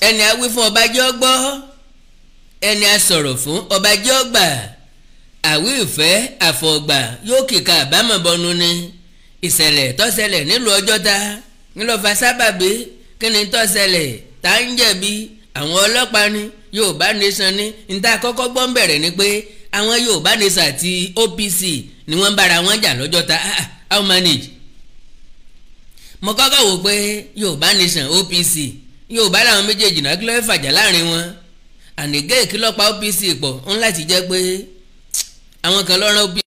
ẹni a wí fún ọba jẹ́ gbọ́ ẹni a sọ̀rọ̀ fún ọba jẹ́ gbà àwí ìfẹ́ àfọ̀gbà yóò kìka àbámọ̀ bọnu ni ìṣẹ̀lẹ̀ tó nílùú ọjọ́ta ńlọ́fà sábàbí kí ni tó tá ń jẹ̀bi àwọn ọlọ́pàá ni yorùbá nation ni níta kọ́kọ́ gbọ́ ń bẹ̀rẹ̀ ni pé àwọn yorùbá nation àti OPC ni wọ́n bára wọn jà lọ́jọ́ta ah, ah, how manage mo kọ́kọ́ wò pé yorùbá nation OPC yorùbá làwọn méjèèjì náà kí ló fẹ́ fàjà láàrin wọn ànìgẹ́ ìkìlọ́pàá OPC pọ̀ ń láti jẹ́ pé àwọn kan lọ́rán OPC.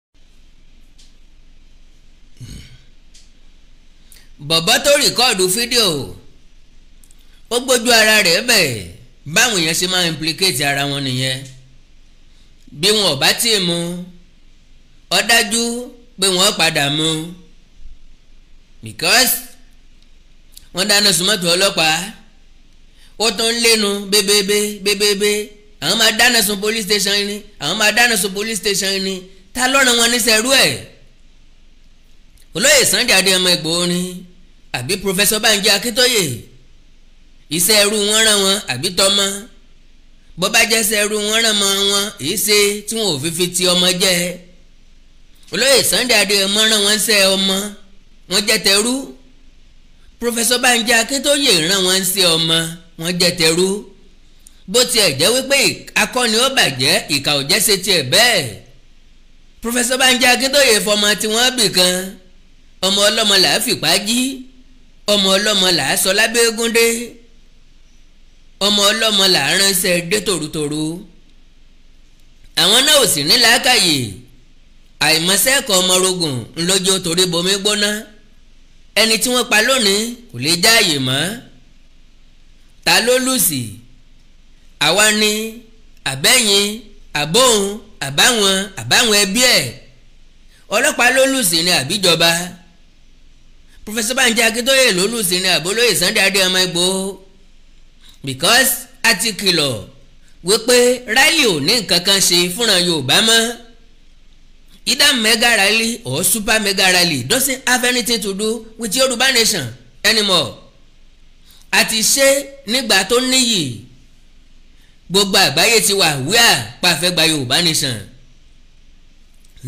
bọ̀bọ́ tó rìkọ́ọ̀dù fídíò ó gbójú ara rẹ̀ bẹ́ẹ̀ báwọn èèyàn ṣe máa implicate ara wọn nìyẹn bí wọn ò bá tí ì mu ó dájú pé wọ́n padà mu because wọ́n dáná sun mọ́tò ọlọ́pàá ó tún lẹ́nu bébébé bébébé àwọn máa dáná sun police station ni àwọn máa dáná sun police station ni ta lọ́rùn wọn ní sẹ́rú ẹ̀ olóyè Sunday Adéyẹmọ Ìgbòho ni àbí professor Banji Akíntóyè iṣẹ́ ẹrú wọn ràn wọn àbí tọmọ bó bá jẹ́ sẹ́rú wọn ràn mọ́ wọn èyí ṣe tí wọn ò fi fi ti ọmọ jẹ́ olóyè Sunday Adéyẹmọ ràn wọn ṣe ọmọ wọn jẹ́ tẹrú professor Banji Akíntóyè ràn wọn ṣe ọmọ wọ́n jẹ́ tẹrú bó tiẹ̀ jẹ́ wípé akọni ó bàjẹ́ ìkà ò jẹ́ ṣe tiẹ̀ bẹ́ẹ̀ pòfẹ́sọ Bánjí Akíntóyè fọmọ tí wọ́n bì kan ọmọ ọlọ́mọ là á fìpá jí ọmọ ọlọ́mọ là á sọ lábẹ́ egúndé ọmọ ọlọ́mọ là á ránṣẹ́ dé tòrótòró àwọn náà ò sì ní làákàyè àìmọ̀sẹ́kọ̀ ọmọrogùn ńlọ́jọ́ torí bomi gbóná ẹni tí wọ́n pa lónìí kò lè jáàyè mọ́ ta ló lùsì àwa ni àbẹ́yìn àbóhùn àbáwọn àbáwọn ẹbí ẹ̀ ọlọ́pàá ló lùsì ni àbíjọba Professor Banji Akíntóyè ló lùsì ni àbólóyè Sunday Adéyẹmọ Ìgbòho because a ti kìlọ̀ wípé Riley ò ní nǹkan kan ṣe fúnra Yorùbá mọ́ either mega rally or super mega rally doesn't have anything to do with Yorùbá nation anymore àti ṣe nígbà tó níyì gbogbo àgbáyé ti wà wíà pàfẹ́gba Yorùbá nation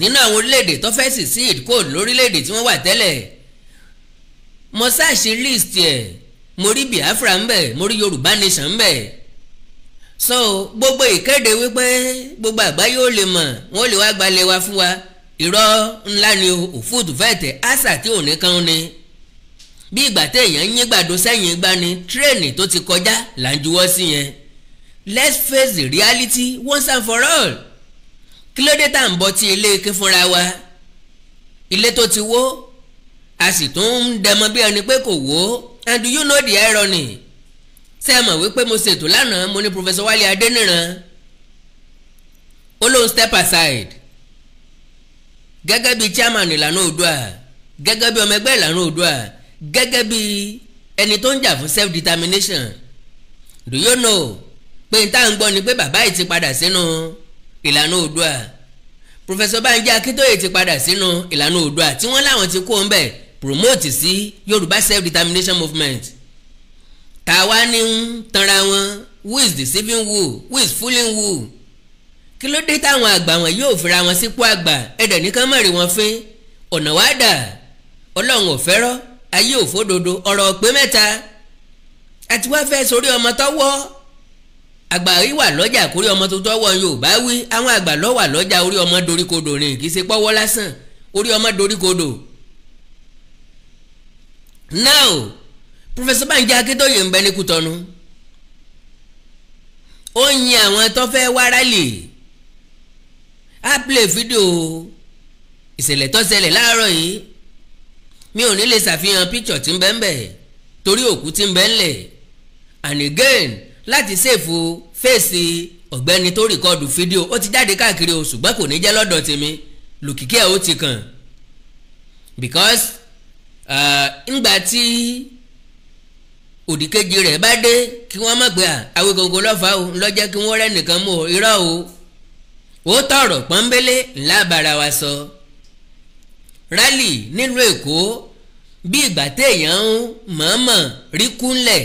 nínú àwọn orílẹ̀-èdè tó fẹ́ sì sí ìdíkò lórílẹ̀-èdè tí wọ́n wà tẹ́lẹ̀ mo ṣáàṣì list ẹ̀ mo rí Biafra ń bẹ mo rí Yorùbá nation ń bẹ so gbogbo ìkéde wípé gbogbo àgbáyé ó lè mọ̀ wọ́n lè wá gbalẹ̀ wa fún wa irọ́ ńlá ni òfúùtù fẹ́ẹ̀tẹ̀ àṣà tí ò ní kàn ní bí ìgbà téèyàn ń yín gbàdo sẹ́yìn gbani tírèènì tó ti kọjá là ń juwọ́ sí yẹn let's face the reality once and for all kí ló dé tá à ń bọ́ tí ilé ike fúnra wa ilé tó ti wó a sì tún ń dẹmọ bí ẹni pé kò wó and do you know the irony ṣé ẹ mọ̀ wípé mo ṣètò lánàá mo ní Professor Wálé Adéníran ó lóun step aside gẹ́gẹ́ bí chairman ìlànà Oòduà gẹ́gẹ́ bí ọmọ ẹgbẹ́ ìlànà Oòduà gẹ́gẹ́ bí ẹni tó ń jà fún self determination do you know pé n tá à ń gbọ́ ni pé bàbá yìí ti padà sínú ìlànà oòdùà Professor Banji Akíntóyè ti padà sínú ìlànà oòdùà tí wọ́n láwọn ti kó ń bẹ̀ promote sí Yorùbá self determination movement tàwa ni ń tanra wọn who is deceiving who who is fooling who kí ló dé táwọn àgbà wọn yóò fira wọn sípò àgbà ẹ̀dẹ̀ nìkan mọ̀rì wọn fín ọ̀nà wàá dà ọlọ́run ò fẹ́ràn ayé òfódodo ọ̀rọ̀ pé mẹ́ta àti wá fẹ́ sórí ọmọ tọ́wọ́ àgbà yìí wà lọ́jà kórí ọmọ tó tọ́wọ́ Yorùbá wí àwọn àgbà lọ́ wà lọ́jà orí ọmọ doríkodò ni kì í ṣe pọ́wọ́ lásán orí ọmọ doríkodò. now Professor Banji Akíntóyè ń bẹ ní Kútọ́nù ó ń yin àwọn tó fẹ́ wá rálì á play fídíò ìṣẹ̀lẹ̀ tó ṣẹlẹ̀ láàárọ̀ yìí mi ò ní lè ṣàfihàn píkṣọ̀ tí ń bẹ́ ń bẹ̀ torí òkú tí ń bẹ́ ń lẹ̀ and again láti ṣèfò fèsì ọ̀gbẹ́ni tó rìkọ́dù fídíò ó ti jáde káàkiri o ṣùgbọ́n kò ní jẹ́ lọ́dọ̀ tèmi lùkìkí ẹ̀ ó ti kàn because ǹgbà uh, tí òdìkejì rẹ̀ bá dé kí wọ́n mọ̀ pé Awikonko lọ́fà o lọ́jẹ́ kí wọ́n rẹ́ nìkan mú o irọ́ o ó tọ̀rọ̀ pọ́nbélé ńlá bára wa sọ. So Rally, nílùú èkó bí ìgbà téèyàn ń mọ̀ọ́mọ̀ rí kúnlẹ̀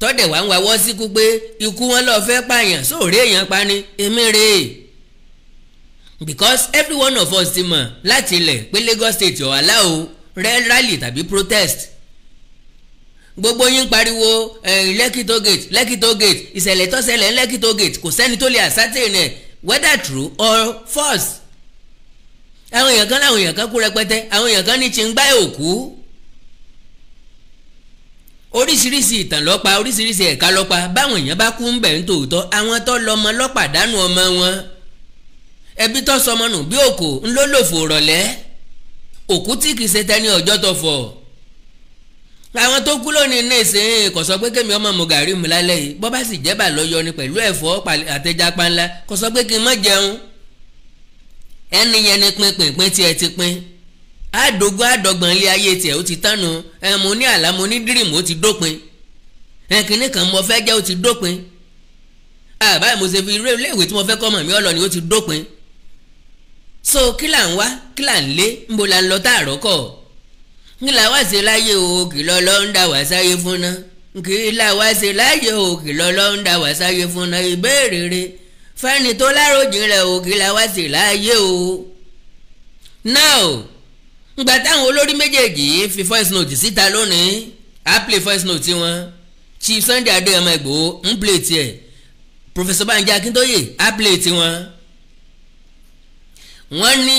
tọ́dẹ̀ wá ń wáwọ́ síkú pé ikú wọn lọ́ọ́ fẹ́ pààyàn sóòrè èèyàn pa ni èmi rè é because every one of us ti mọ̀ láti ilẹ̀ pé Lagos State ò aláwo rẹ́ rally tàbí protest gbogbo yín pariwo Lekki toll gate Lekki toll gate ìṣẹ̀lẹ̀ tó ṣẹlẹ̀ Lekki toll gate kò sẹ́ni tó lè àṣàtẹ̀ rẹ̀ whether true or false àwọn èèyàn kan láwọn èèyàn kan kú rẹpẹtẹ àwọn èèyàn kan ní ti ń gbá òkú oríṣiríṣi ìtàn lọ́pa oríṣiríṣi ẹ̀ka báwọn èèyàn bá kú ń bẹ̀ ń tòótọ́ àwọn tó lọmọ lọ́pàá dánú ọmọ wọn ẹbí sọmọ nù bí òkò rọ̀lẹ́ òkú tí kì í ṣe ọjọ́ tó fọ̀ àwọn tó kú lónìí ní ìsìn kò sọ pé kémi ọmọ gàrí mu lálẹ́ yìí bọ́ bá sì ẹni yẹn ni pinpinpin tí ẹ ti pin àdógún àdọ́gbọ̀n ilé ayé tiẹ̀ ó ti tánu ẹ mo ní àlá mo ní dírìmù ó ti dópin ẹ kìíní kan mo fẹ́ jẹ́ ó ti dópin àbá mo fi irú ilé ìwé tí mo fẹ́ kọ́ mọ̀ mí ọlọ́ ni ó ti dópin so kí là ń wá kí là ń lé ń bo la ń lọ táàrọ́ kọ̀ kí là wá ṣe láyé o kì lọ lọ ń dà wá sáyé fún ná kí là wá ṣe láyé o kì lọ lọ ń dà wá sáyé fún ná ìbéèrè rẹ̀ fẹ́ni tó láròjinlẹ̀ ògì làwa sì láàyè o now ngbà táwọn olórí méjèèjì fi voice note síta lónìí á play first. note wọn Chief Sunday Adéyẹmọ Ìgbòho ń play tiẹ̀ Professor Banji Akíntóyè á play tiwọn wọ́n ní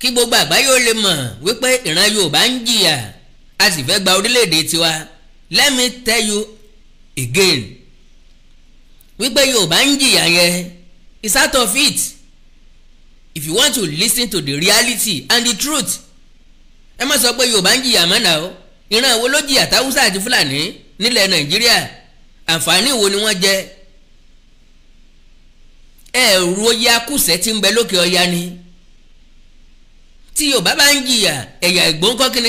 kí gbogbo àgbáyé ó lè mọ̀ wípé ìran Yorùbá ń jìyà a sì fẹ́ gba orílẹ̀-èdè tiwa let me tell you again wípé yorùbá ń jìyà yẹn is out of it if you want to listen to the reality and the truth ẹ má sọ pé yorùbá ń jìyà mọ́nà o ìran wo ló táwùsà àti fúlàní nílẹ̀ nàìjíríà àǹfààní wo ni wọ́n jẹ ẹ̀rù oyè akúṣẹ̀ ti ń bẹ lókè ọya ni tí yorùbá bá ń jìyà ẹ̀yà kọ́ ti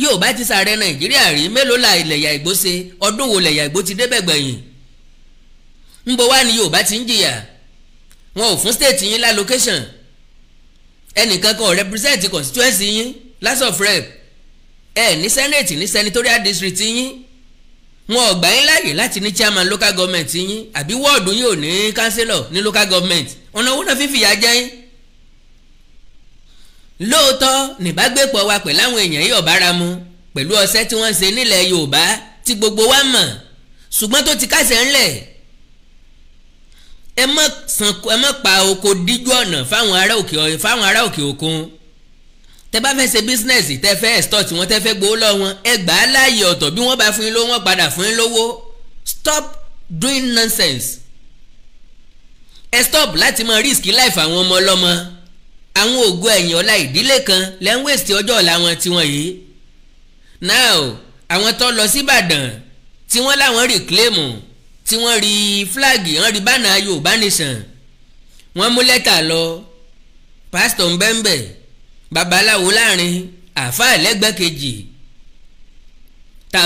nàìjíríà rí mélòó la ilẹ̀ se ọdún wo ti débẹ̀ gbẹ̀yìn ńbo wá ní Yorùbá ti ń jìyà wọn ò fún state yín lá location ẹnìkan kan ò represent constituency yín last of rep ẹ ní senate ní senatorial district yín wọn ò gbà yín láàyè láti ní chairman local government yín àbí wọ́ọ̀dù yín ò ní councillor ní local government ọ̀nà owó náà fífi ìyà jẹ yín. lóòótọ́ nìbágbépọ̀ wa pẹ̀lú àwọn èèyàn yìí ọ̀bára mu pẹ̀lú ọṣẹ́ tí wọ́n ń ṣe nílẹ̀ Yorùbá tí gbogbo wa mọ̀ ṣùgbọ́n tó ti kásẹ̀ ńlẹ̀ ẹ má san ẹ má pa oko díjú ọ̀nà fáwọn ará òkè fáwọn ará òkè òkun tẹ bá fẹ́ ṣe bísínẹ́sì tẹ fẹ́ ẹ̀stọ́ọ̀tì wọn tẹ fẹ́ gbowó lọ wọn ẹ gbà á láàyè ọ̀tọ̀ bí wọ́n bá fún yín lówó wọn padà fún yín lówó stop doing nonsense ẹ stop láti mọ risk life àwọn ọmọ ọlọ́mọ àwọn ògo ẹ̀yìn ọ̀la ìdílé kan lẹ́ ń wèsì ọjọ́ ọ̀la wọn tiwọn yìí now àwọn tó lọ sí Ìbàdàn tí wọ́n láwọn rìkílẹ́mù tí wọ́n rí fúláàgì wọ́n rí bánà Yorùbá nìsàn wọ́n mú lẹ́tà lọ pásítọ̀ ńbẹ́ńbẹ́ babaláwo láàrin àáfàá lẹ́gbẹ́ kejì tá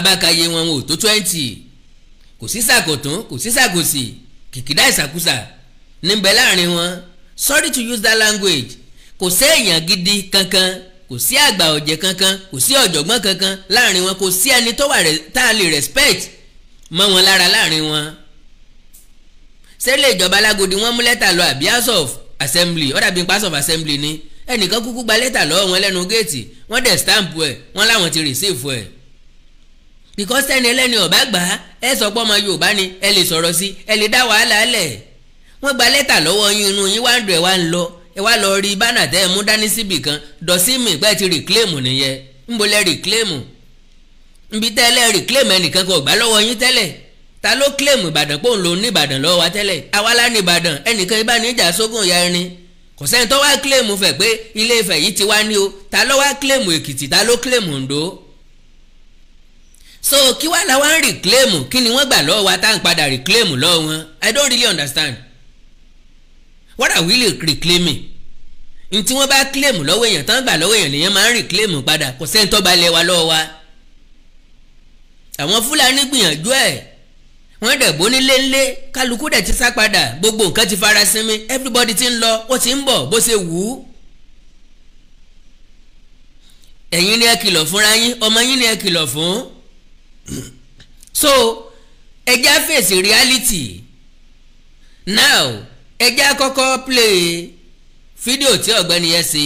wọn ò tó twenty kò sí sàkótún kò sí sàkòsì kìkìdá ìsàkúsà níbẹ̀ láàrin wọn sorry to use that language kò séèyàn gidi kankan kò sí àgbà ọ̀jẹ̀ kankan kò sí ọ̀jọ̀gbọ́n kankan láàrin wọn kò sí ẹni tó wà tá a lè respect mọ́ wọn lára láàrin wọn sẹ́lẹ̀ ìjọba alágòdì wọ́n mú lẹ́tà lọ àbí house of assembly ọ̀dà bíi pass of assembly ni ẹnìkan kúkú gba lẹ́tà lọ́wọ́ wọn lẹ́nu géètì wọ́n dẹ̀ stamp ẹ̀ wọ́n láwọn ti receive ẹ̀ because ẹni ẹlẹ́ni ọ̀bá gbà á ẹ sọ pé ọmọ Yorùbá ni ẹ lè sí ẹ lè dá wàhálà lẹ̀ wọ́n gba lẹ́tà lọ́wọ́ yín inú yín wá ń lọ ẹ wá lọ rí bánà kan dọ̀símì pẹ́ ti nìyẹn ń ń bi ẹnìkan ta ló claim ìbàdàn pé òun lo ní ìbàdàn lọ́wọ́ wa tẹ́lẹ̀ àwa lá ní ìbàdàn ẹnìkan ibà ní ìjà sógun ìyá irin kò sẹ́ni tó wá claim fẹ̀ pé ilé Ifẹ̀ yìí ti wá ní o ta ló wá claim èkìtì ta ló claim ondo so kí wàá la wá ń reclaim kí ni wọ́n gbà lọ́wọ́ wa tá à ń padà reclaim lọ́wọ́ wọn I don't really understand what are we reclaiming ntí wọ́n bá claim lọ́wọ́ èèyàn tán gbà lọ́wọ́ èèyàn lèèyàn máa ń reclaim padà wa àwọn Fúlàní gbìyànjú ẹ̀ wọ́n dẹ̀ bó nílé ńlé kálukú dẹ̀ ti sá padà gbogbo nǹkan ti fara sinmi everybody ti ń lọ ó ti ń bọ̀ bó ṣe wù ú. ẹ̀yin ni ẹ kìlọ̀ fúnra yín ọmọ yín ni ẹ kìlọ̀ fún. so eja face fèsì reality now eja koko kọ́kọ́ play fídíò tí ọ̀gbẹ́ni yẹn ṣe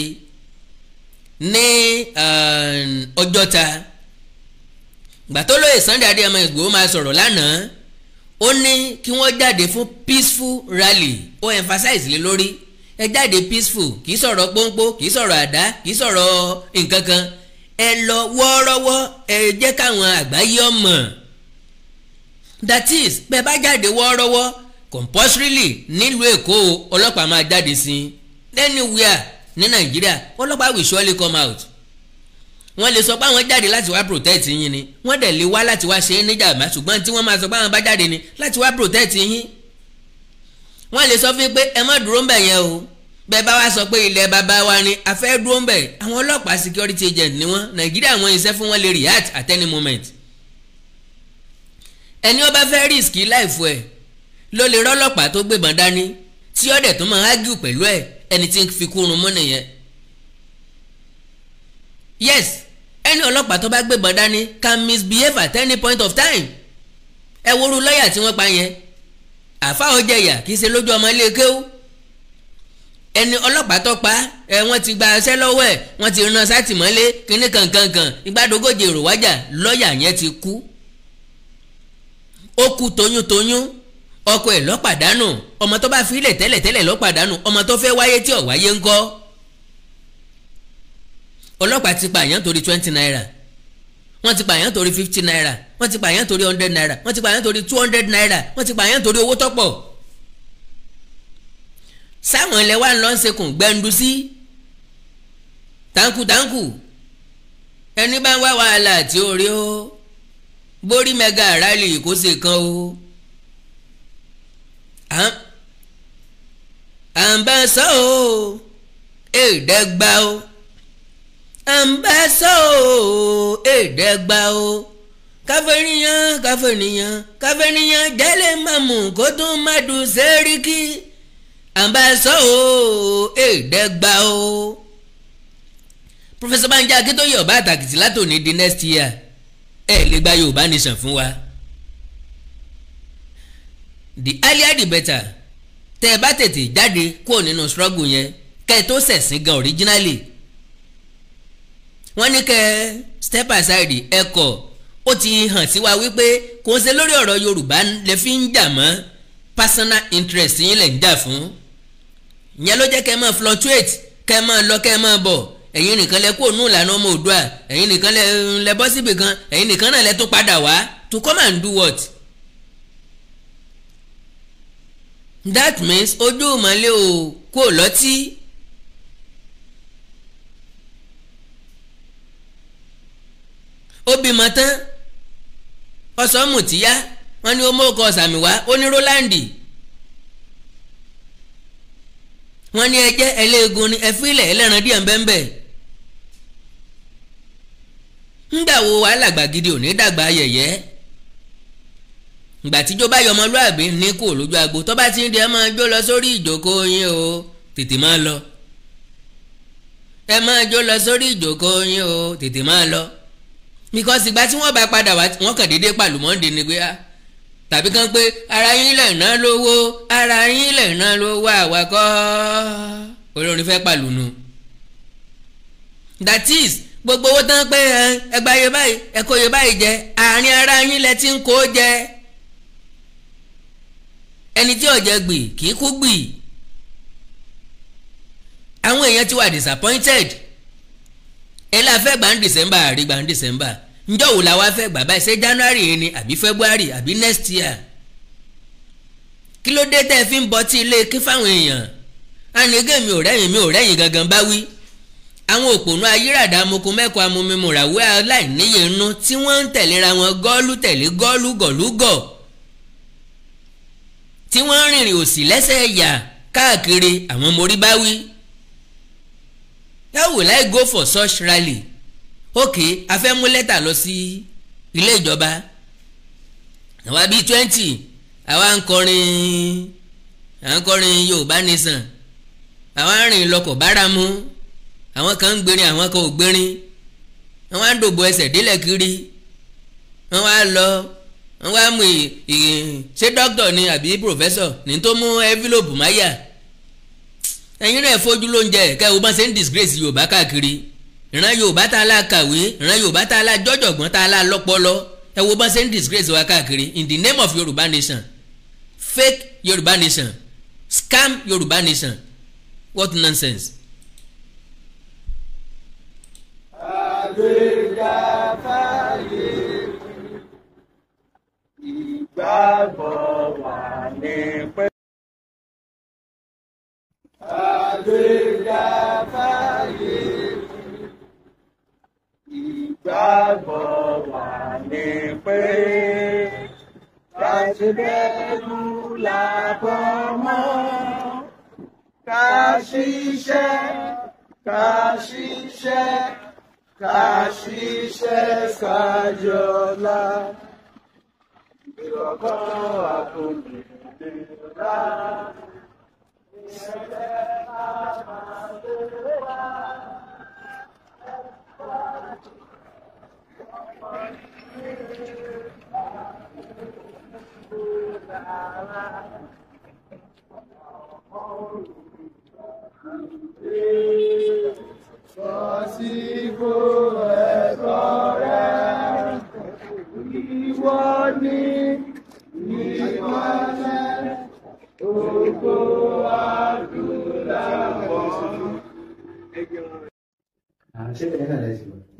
ní um, ọjọ́ta gbàtọ́ lóye Sunday Adéyẹmọ Ìgbòho máa sọ̀rọ̀ lánàá. ó ní kí wọ́n jáde fún peaceful rally ó emphasize lé lórí ẹ jáde peaceful kì í sọ̀rọ̀ pọ́npọ́ kì í sọ̀rọ̀ àdá kì í sọ̀rọ̀ nǹkan kan ẹ lọ wọ́ọ́rọ́wọ́ ẹ jẹ́ káwọn àgbáyé ọmọ that is pé bá jáde wọ́ọ́rọ́wọ́ compulsorily nílùú èkó ọlọ́pàá máa jáde sí anywhere ní nàìjíríà ọlọ́pàá will surely come out wọ́n lè sọ pé àwọn jáde láti wá protect yín ni wọ́n dẹ̀ lè wá láti wá ṣe é níjàmbá ṣùgbọ́n tí wọ́n máa sọ pé àwọn bá jáde ni láti wá protect yín wọ́n lè sọ fún yín pé ẹ má dúró ń bẹ̀ yẹn o bẹ́ẹ̀ bá wá sọ pé ilẹ̀ bàbá wa ni a fẹ́ dúró ń bẹ̀ àwọn ọlọ́pàá security agent ni wọ́n nàìjíríà wọn iṣẹ́ fún wọn lè react at any moment ẹni ó bá fẹ́ risk life ẹ̀ ló lè rọ́lọ́pàá tó gbébọn dání tí ọ̀dẹ̀ tó máa argue pẹ̀lú ẹ̀ ẹni tí ń fi yes any ọlọ́pàá tó bá gbébọn dání can misbehave at any point of time ẹ woru lọ́ọ̀yà tí wọ́n pa yẹn àfa ọjẹyà kì í ṣe lójú ọmọ ilé kéwú ẹni ọlọ́pàá tó pa ẹ wọ́n ti gba ẹsẹ́ lọ́wọ́ ẹ̀ wọ́n ti rán sátìmọ́lé kínní kankankan ìgbàdógójì ìròwájà lọ́ọ̀yà yẹn ti kú ó kú toyúntoyún ọkọ ẹ̀ lọ́pàdánù ọmọ tó bá fi ilẹ̀ tẹ́lẹ̀tẹ́lẹ̀ lọ́pàdánù ọmọ tó fẹ́ wáyé tí ò wáyé ńkọ́ ọlọ́pàá ti pààyàn torí twenty naira wọ́n ti pààyàn torí fifty naira wọ́n ti pààyàn torí hundred naira wọ́n ti pààyàn torí two hundred naira wọ́n ti pààyàn torí owó tọ́pọ̀ sáwọn ilẹ̀ wa ń lọ sekùn gbẹ̀ndu sí tanku tanku ẹni bá ń wá wàhálà tí ó rí ó borí mega rally kó ṣe kan o à ń bá sọ o èdè gbà o ẹ̀ǹbẹ́sọ̀ o èdègbà o káfẹ́niyàn káfẹ́niyàn káfẹ́niyàn jẹ́lẹ̀ mọ̀mù kó tún má dùn sẹ́ríkì ẹ̀ǹbẹ́sọ̀ o èdègbà o. Professor Banji Akíntóyè ọba àtàkìtì látòní di next year ẹ lè gba Yorùbá nation fún wa the earlier the better tẹ́ ẹ bá tètè jáde kúrò nínú struggle yẹn kẹ́ ẹ tó ṣẹ̀sìn gan originally wọ́n ní kẹ́ step aside ẹ̀kọ́ ó ti hàn sí wa wípé kò ń ṣe lórí ọ̀rọ̀ Yorùbá lè fi ń jà mọ́ personal interest yín lè ń jà fún ìyẹn ló jẹ́ kẹ́ máa fluctuate kẹ́ máa lọ kẹ́ máa bọ̀ ẹ̀yin nìkan lẹ kó nù lànà ọmọ Oòduà ẹ̀yin nìkan lẹ bọ́ síbì kan ẹ̀yin nìkan náà lẹ tún padà wá to come and do what that means ojú òmọ̀lẹ́ o kò lọ́tí Obi tán ọ̀sọ́mù tíyá wọ́n ní ni mọ̀ ọkọ sàmì wá ó ní rolandi wọ́n ni ẹjẹ́ ẹlẹ́gùn ni ẹfílẹ̀ ẹlẹ́ran díẹ̀ ńbẹ́ńbẹ́ ńgbà wo wàhálà gbàgìdì òní dàgbà yẹ̀yẹ́ ìgbà bá yọ ọmọlúàbí ní kò lójú agbo tó bá ti ń di ẹ máa jó lọ sórí ìjókòó yín o tètè máa lọ ẹ máa o tètè máa because ìgbà tí wọ́n bá padà wá wọ́n kàn déédéé pàlù mọ́ndé ni pé ah, tàbí kan pé ara yín lè ná lówó ara yín lè ná lówó àwakọ́ olórin fẹ́ pàlù nu that is gbogbo owó tán pé eh, ẹgbàáyé báyìí ẹkọyé báyìí jẹ àárín ara yín lẹ ti ń kó jẹ ẹni tí ọ̀jẹ̀ gbì kì í kú gbì àwọn èèyàn ti wà disappointed ẹ láfẹ́ gbà ń December àrí gbà ń December njọ́ wo la fẹ́ gbà báyìí january yìí ni àbí february àbí next year kí ló dé tẹ́ fi ń bọtí ilé kí fáwọn èèyàn anigé mi ò rẹ́yìn mi ò rẹ́yìn gangan bá wí àwọn òpònú ayírádá amoko mẹ́kọ amomimùràwé aláìníye inú tí wọ́n ń tẹ̀léra wọn gọ́ọ̀lù tẹ̀lé gọ́ọ̀lù gọ̀lúgọ̀ tí wọ́n ń rìnrìn òsì lẹ́sẹ̀ ẹ̀yà káàkiri àwọn morí bá wí. that will I go for such rally ok a fẹ́ mú lẹ́tà lọ sí ilé ìjọba àwa bíi twenty àwa ń kọrin à ń kọrin Yorùbá nation àwa ń rìn lọkọ̀ báramu àwọn kan ń gbérin àwọn kan ò gbérin àwọn á dòbò ẹsẹ̀ délẹ̀ kiri wọ́n á lọ wọ́n á mú ṣé doctor, ni àbí professor. ní tó mú ẹ́fílòpù máyà ẹ̀yin rẹ̀ fojú lóúnjẹ kẹ́ ẹ wo bá ṣe ń disgrace Yorùbá káàkiri ìran yorùbá tá a la kàwé ìran yorùbá tá a la jọ̀jọ̀gbọ́n tá a la lọ́pọlọ ẹ wo bá ṣe ń disgrace wa káàkiri in the name of yorùbá nation fake yorùbá nation scam yorùbá nation what nonsense. àgbéga fàyè ìgbàgbọ́ wà ní pẹ́. àgbéga fàyè. ní pé Thank you want you.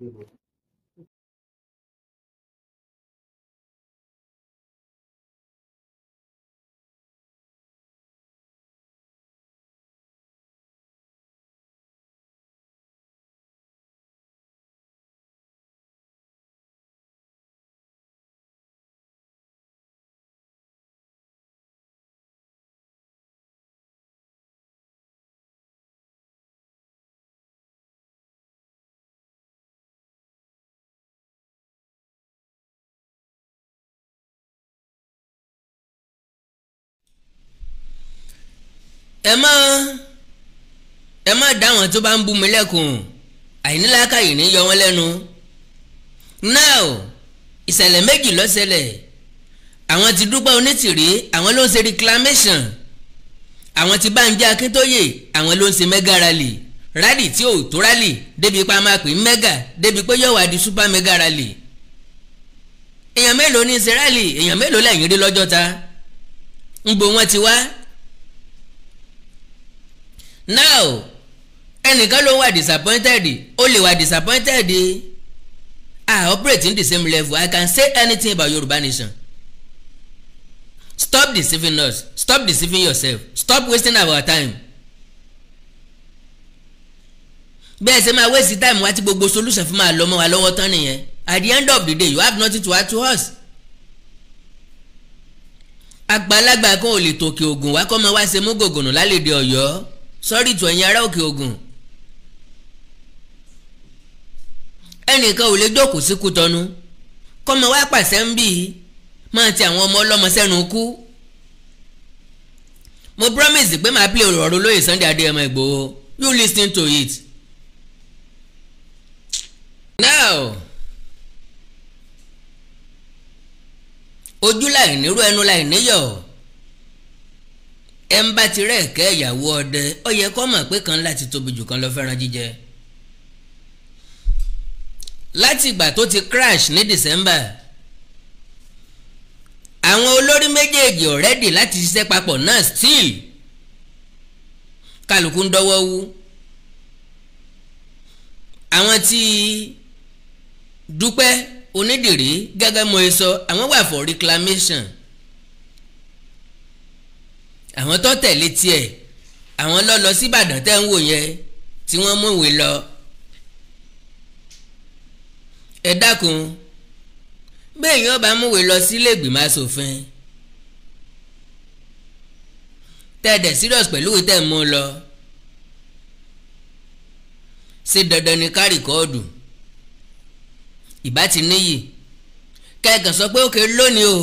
people ẹ má ẹ má dá àwọn tó bá ń bú mi lẹ́kùn àìníláàkàyè ní yọ wọn lẹ́nu now ìṣẹ̀lẹ̀ méjì ló ṣẹlẹ̀ àwọn ti Dúpẹ́ Onítìrí àwọn ló ń ṣe reclamation àwọn ti Bánjí Akíntóyè àwọn ló ń ṣe mega rally rally tí ò tó rally débi pa máa pè mega débi pé yóò wá di super mega rally èèyàn mélòó ní ṣe rally èèyàn mélòó lẹ́yìn rí lọ́jọ́ ta ń gbọ́ wọn ti wá now ẹnìkan ló wà disappointed ó lè wà disappointed I operate in the same level I can say anything about Yoruba nation stop deceiving us stop deceiving yourself stop wasting our time bẹ́ẹ̀ ṣe máa waste time wá tí gbogbo solution fi máa lọ mọ́ wa lọ́wọ́ tán nìyẹn at the end of the day you have nothing to add to us àgbàlagbà kan ò lè tòkè ògùn wá kọ́ mọ́ wá ṣe mú gògùnù lálẹ́ de ọ̀yọ́ sọ́rí ìtò ẹ̀yìn ará òkè ògùn ẹnìkan ò lè jókòó sí kútọ́nu kọ́mọ wá pàṣẹ ń bì í máa ti àwọn ọmọ ọlọ́mọ sẹ́nu kú mo promise pé màá play ọ̀rọ̀ olóyè Sunday Adéyẹmọ Ìgbòho you listen to it now ojú láì nírú ẹnu láì níyọ̀ ẹ ń bá tirẹ̀ ẹ̀kẹ́ ìyàwó ọdẹ ó yẹ kó mọ̀ pé kan láti tóbi jù kan lọ fẹ́ràn jíjẹ. láti ìgbà tó ti crash ní December àwọn olórí méjèèjì ọ̀rẹ́dì láti ṣiṣẹ́ papọ̀ náà still kálukú ń dọ́wọ́ wú àwọn tí Dúpẹ́ Onídìrí gẹ́gẹ́ mo sọ àwọn wà for reclamation àwọn tó tẹ̀lé tiẹ̀ àwọn lọ lọ síbàdàn tẹ́ ń wò yẹn tí wọ́n mú ìwé lọ. ẹ dákun béèyàn bá mú ìwé lọ sílé ìgbìmọ̀ asòfin tẹ́ẹ̀dẹ̀ serious pẹ̀lú ìwé tẹ́ ń mú lọ ṣe dandan ni ká rìkọ́ọ̀dù ìbá ti níyì kẹ́ẹ̀kan sọ pé ó kéré lónìí o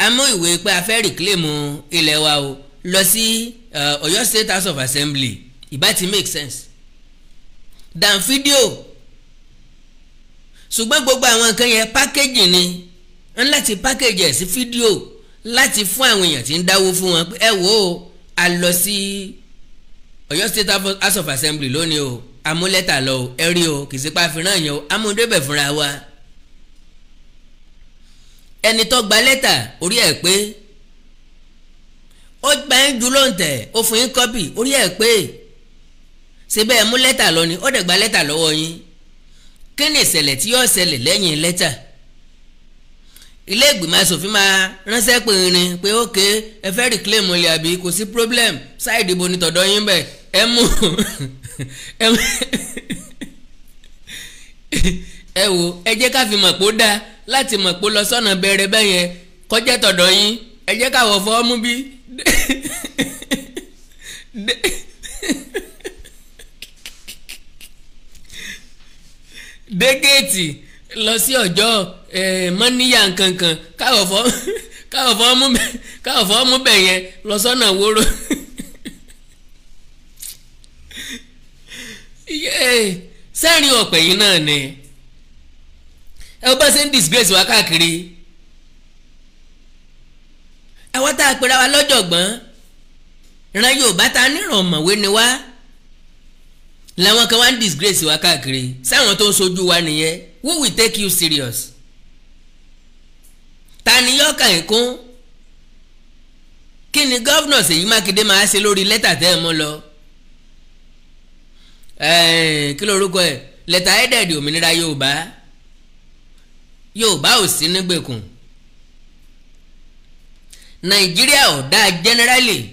a mú ìwé pé a fẹ́ rìkílèmù ilẹ̀ wa o lọ sí Ọ̀yọ́ State House of Assembly ìbá ti make sense dan fídíò ṣùgbọ́n gbogbo àwọn nǹkan yẹn pákéjì ni ń láti pákéjì ẹ̀ sí fídíò láti fún àwọn èèyàn tí ń dáwó fún wọn pé ẹ wò ó a lọ sí Ọ̀yọ́ State House of Assembly lónìí o amúlẹ́tà lọ o ẹ rí o kì í ṣe yẹn o amúdébẹ̀ fúnra wa ẹni tó gba lẹ́tà orí ẹ̀ pé ó gba ẹ̀ ń ju lóǹtẹ̀ ó fún yín kọ́pì orí ẹ̀ pé síbẹ̀ ẹ̀ mú lẹ́tà lọ ni ó dẹ̀ gba lẹ́tà lọ́wọ́ yín kí ni ìṣẹ̀lẹ̀ tí yóò ṣẹlẹ̀ lẹ́yìn lẹ́tà ilé ìgbìmọ̀ asòfin máa ránṣẹ́ pé irin pé ókè ẹ fẹ́ reclaim ilẹ̀ àbí kò sí problem ṣáìdì bo ni tọ̀dọ̀ yín bẹ̀ ẹ mú. ẹ wò ẹ jẹ́ ká fi mọ̀ pó dáa láti mọ̀ pó lọ sọ́nà bẹ̀rẹ̀ bẹ́yẹn kọjá tọ̀dọ̀ yín ẹ jẹ́ ká wọ̀ fọ́ bí. dégéètì lọ sí ọjọ́ mọ́níyà nkankan káwọ̀ fọ́ káwọ̀ ẹ wọ́n bá ṣe ń disgrace wá káàkiri àwọn tá a pera wa lọ́jọ̀gbọ́n ìran Yorùbá ta níràn mọ̀wé ni wá làwọn kan wá ń disgrace wá káàkiri sáwọn tó ń sojú wa nìyẹn who will take you serious ta ni yọ̀ọ̀kà ẹ̀ kún kí ni gọ́vnà Ṣèyí Mákindé máa ṣe lórí lẹ́tà tẹ́ ẹ mọ́ lọ kí lorúkọ ẹ lẹ́tà ẹ̀ẹ́dẹ̀ẹ̀dẹ̀ òmìnira Yorùbá yorùbá ò sí nígbèkùn nàìjíríà ò dáa generally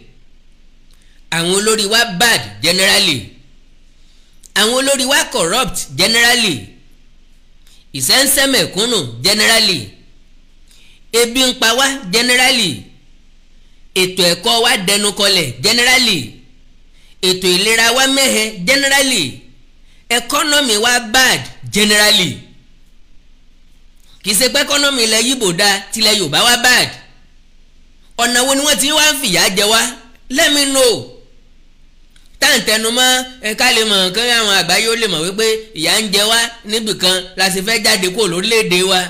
àwọn olórí wa bad generally àwọn olórí wa corrupt generally ìsẹ́nsẹ́mẹ̀kúnnù generally ebi ń pa wá generally ètò ẹ̀kọ́ wa dẹnu kọlẹ̀ generally ètò ìlera wa mẹ́hẹ generally economy wa bad generally kì í ṣe pé kọ́nọ́mì ilẹ̀ yíbò dáa tilẹ̀ yorùbá wá bad ọ̀nà wo ni wọ́n ti wá ń fìyà jẹ wá let me know táǹtẹnumọ́ ẹ̀ka lè mọ̀ kí àwọn àgbáyé ó lè mọ̀ wípé ìyà ń jẹ wá níbìkan la sì fẹ́ jáde kúrò lórílẹ̀‐èdè wa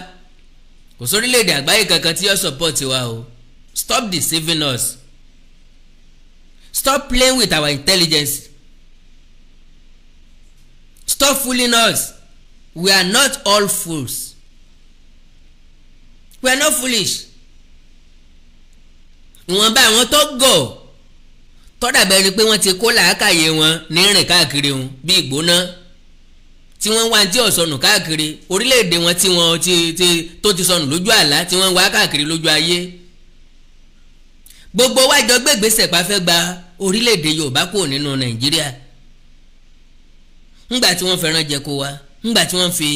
kò sórílẹ̀‐èdè àgbáyé kankan tí yóò support wa o stop deceiving us stop playing with our intelligence stop fooling us we are not all fools we are not foolish ìwọ̀nba àwọn tó gọ̀ tọ́dàbẹ́ ni pé wọ́n ti kó làákàyè wọn ní rìn káàkiri wọn bí ìgbóná tí wọ́n wá tí ọ̀sọ̀nù káàkiri orílẹ̀-èdè wọn tí wọ́n ti ti tó ti sọnù lójú àlá tí wọ́n wá káàkiri lójú ayé gbogbo wa jọ gbé ìgbésẹ̀ gba orílẹ̀ Yorùbá kò nínú Nàìjíríà ńgbà tí wọ́n fẹ́ràn jẹ wa ńgbà tí wọ́n fi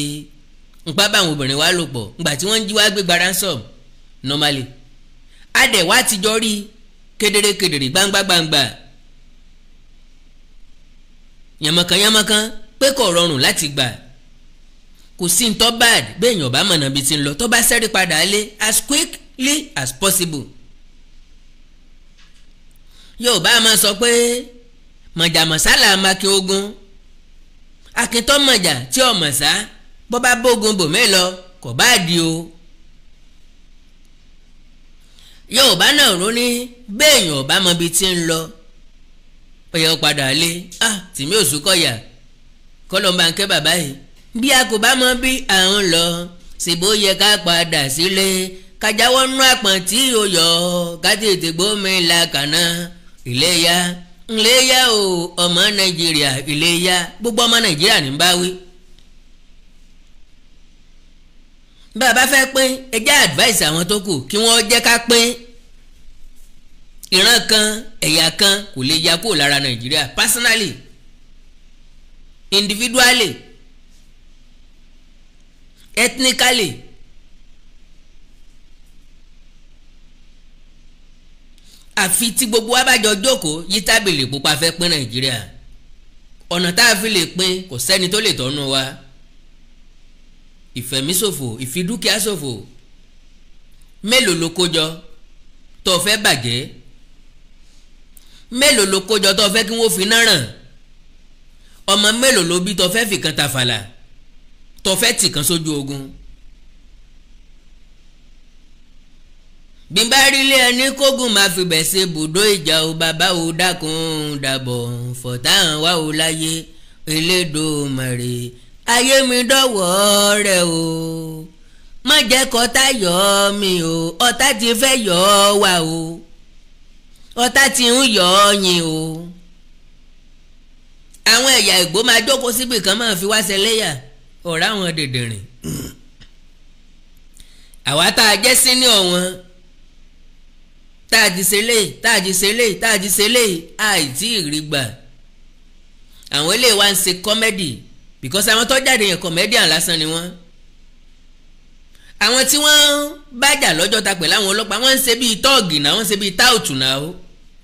npa báwọn obìnrin wa lò pọ̀ ngbà tí wọ́n ń jí wá gbé gbara sọ̀m normally adẹ̀ wa ti jọ rí kedere kedere gbangba gbangba yàmọ̀kan yàmọ̀kan pé kò rọrùn láti gbà kò sí ní tọ́bàd béèyàn bá mọ̀nà bí ti ń lọ tó bá sẹ́rí padà lé as quickly as possible yóò bá a máa sọ pé mọ̀jàmọ̀sá là máa kí ogun akíntọ́ mọ̀jà tí ò mọ̀ bó bá bógun bòmí lọ kò bá di o yorùbá náà ró ní béèyàn ò bá mọ tí ń lọ ó padà lé ah tìmí ò súnkọ̀yà kọ́ ló máa ń kẹ́ bàbá yìí bí a kò bá mọ bí à ń lọ ṣèbó yẹ ká padà sílé kájáwọ́ nú àpọ̀n tí yóò gbómi la kàná iléyá o ọmọ nàìjíríà iléyá gbogbo ọmọ nàìjíríà ní báwí. bàbá fẹ́ pín ẹ jẹ́ advice àwọn tó kù kí wọ́n jẹ́ ká pín ìran kan ẹ̀yà kan kò lè ya kúrò lára nàìjíríà personally individually ethnically àfi tí gbogbo wa bá jọ jókòó yí tábìlì pupa fẹ́ pín nàìjíríà ọ̀nà tá a fi lè pín kò sẹ́ni tó lè tọ́nu wa ìfẹ̀míṣòfò ìfidúkìá ṣòfò mélòó ló kó jọ tó fẹ́ bàjẹ́ mélòó ló kó jọ tó fẹ́ kí wọ́n fi náà ràn ọmọ mélòó ló bí tó fẹ́ fìkan tàfàlà tó fẹ́ tìkan sójú ogun. bí bá rí ilé ẹni kógun máa fi bẹ̀ ṣe bùdó ìjà o bàbá o dákun dàbọ̀ fọ̀tá hàn wá o láyé elédò màrè ayé mi dọ̀wọ́ rẹ o má jẹ́ kọ́tá yọ mi o ọ̀tá ti fẹ́ yọ wa o ọ̀tá ti ń yọ yín o àwọn ẹ̀yà Ìgbò máa jókòó síbi kan máa fi wá ṣẹlẹ́yà ọ̀rá wọn dèdèrìn àwa tá a jẹ́ sínú ọ̀wọ́n tá a ti ṣẹlẹ̀ tá a ti ṣẹlẹ̀ tá a ti ṣẹlẹ̀ àìtí ìrìgbà àwọn ilé wa ń ṣe kọ́mẹ́dì because àwọn tó jáde yẹn comedian lásán ni wọ́n àwọn tí wọ́n bájà lọ́jọ́ ta pẹ̀lú àwọn ọlọ́pàá wọ́n ń ṣe bíi tọ́ọ̀gì náà wọ́n ń ṣe bíi táùtù náà o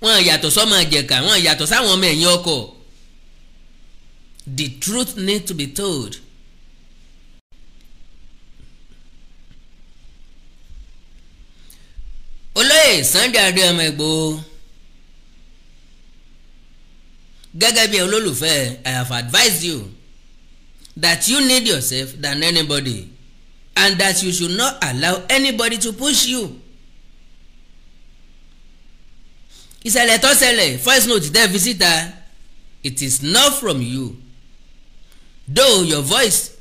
wọ́n yàtọ̀ sọ́mọ ẹ̀jẹ̀ka wọ́n yàtọ̀ sáwọn ọmọ ẹ̀yìn ọkọ̀ the truth need to be told. olóyè Sunday Adéyẹmọ Ìgbòho gẹ́gẹ́ bí olólùfẹ́ I have advised you that you need yourself than anybody and that you should not allow anybody to push you. ìṣẹ̀lẹ̀ tó ṣẹlẹ̀ first note tẹ́ visitor, it is not from you though your voice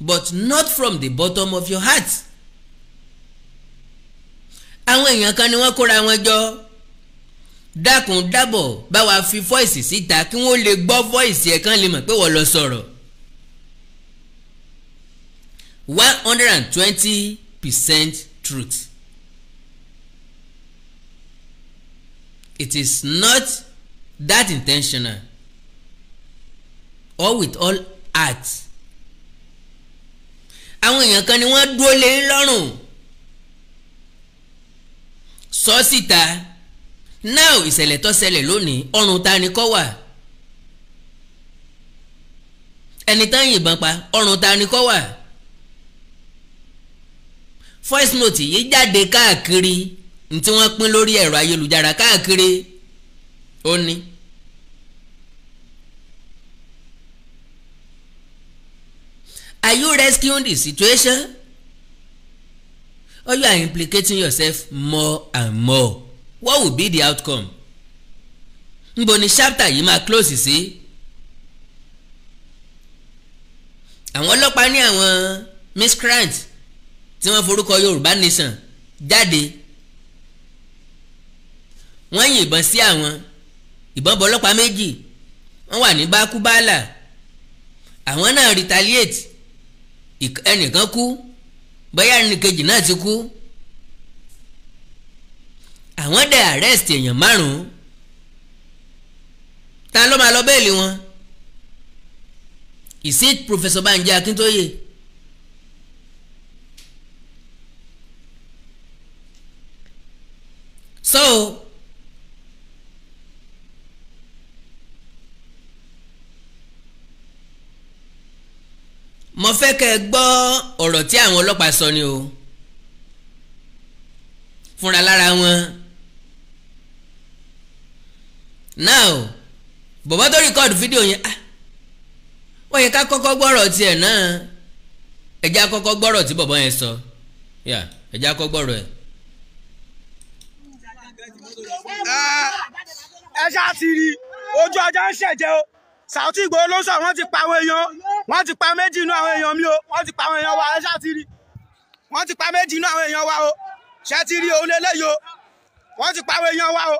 but not from the bottom of your heart. àwọn èèyàn kan ni wọ́n kóra wọn jọ dákun dábọ̀ bá wa fi fọ́ìsì síta kí wọ́n lè gbọ́ fọ́ìsì ẹ̀ kán lè mọ̀ pé wọ́n lọ sọ̀rọ̀ one hundred and twenty percent truth it is not that intentional or with all heart àwọn èèyàn kan ni wọ́n dúró lé lọ́rùn sọ síta. So now ìṣẹ̀lẹ̀ tó ṣẹlẹ̀ lónìí ọrùn ta ni kọ́ wà ẹni tá ń yìnbọn pa ọrùn ta ni kọ́ wà voice note yìí jáde káàkiri tí wọ́n pín lórí ẹ̀rọ ayélujára káàkiri ó ní. Are you rescuing the situation? Or you are implicating yourself more and more? what will be the outcome nbo ni chapter yìí máa close sí àwọn ọlọ́pàá ní àwọn miscreant tí wọ́n forúkọ Yorùbá nation jáde wọ́n yìnbọn sí àwọn ìbọn bọ ọlọ́pàá méjì wọ́n wà ní bákúbálà àwọn náà retaliate ẹnìkan kú bóyá ẹnìkejì náà ti kú àwọn dẹ̀ arrest èèyàn márùn-ún ta ló máa lọ bẹ́ẹ̀lì wọn is it Professor Banji Akintoye so mo fẹ́ kẹ́ ẹ gbọ́ ọ̀rọ̀ tí àwọn ọlọ́pàá sọ ni o fúnra lára wọn now bọ̀bọ́ tó record fídíò yẹn ah wọ́n yẹ ká kọ́kọ́ gbọ́rọ̀ tiẹ̀ náà ẹ̀já kọ́kọ́ gbọ́rọ̀ tí bọ̀bọ́ yẹn sọ ẹ̀já kọ́kọ́ gbọ́rọ̀ ẹ̀. ẹ ṣáà ti rí ojú ọjọ́ ń ṣẹ̀jẹ̀ o Sàótì Ìgbòho ló sọ wọ́n ti pa àwọn èèyàn wọ́n ti pa méjì inú àwọn èèyàn mi o wọ́n ti pa àwọn èèyàn wa ẹ ṣáà ti rí wọ́n ti pa méjì inú àwọn èèyàn wa o ṣẹ́ ti rí òun eléyìí o wọ́n ti pa àwọn èèyàn wa o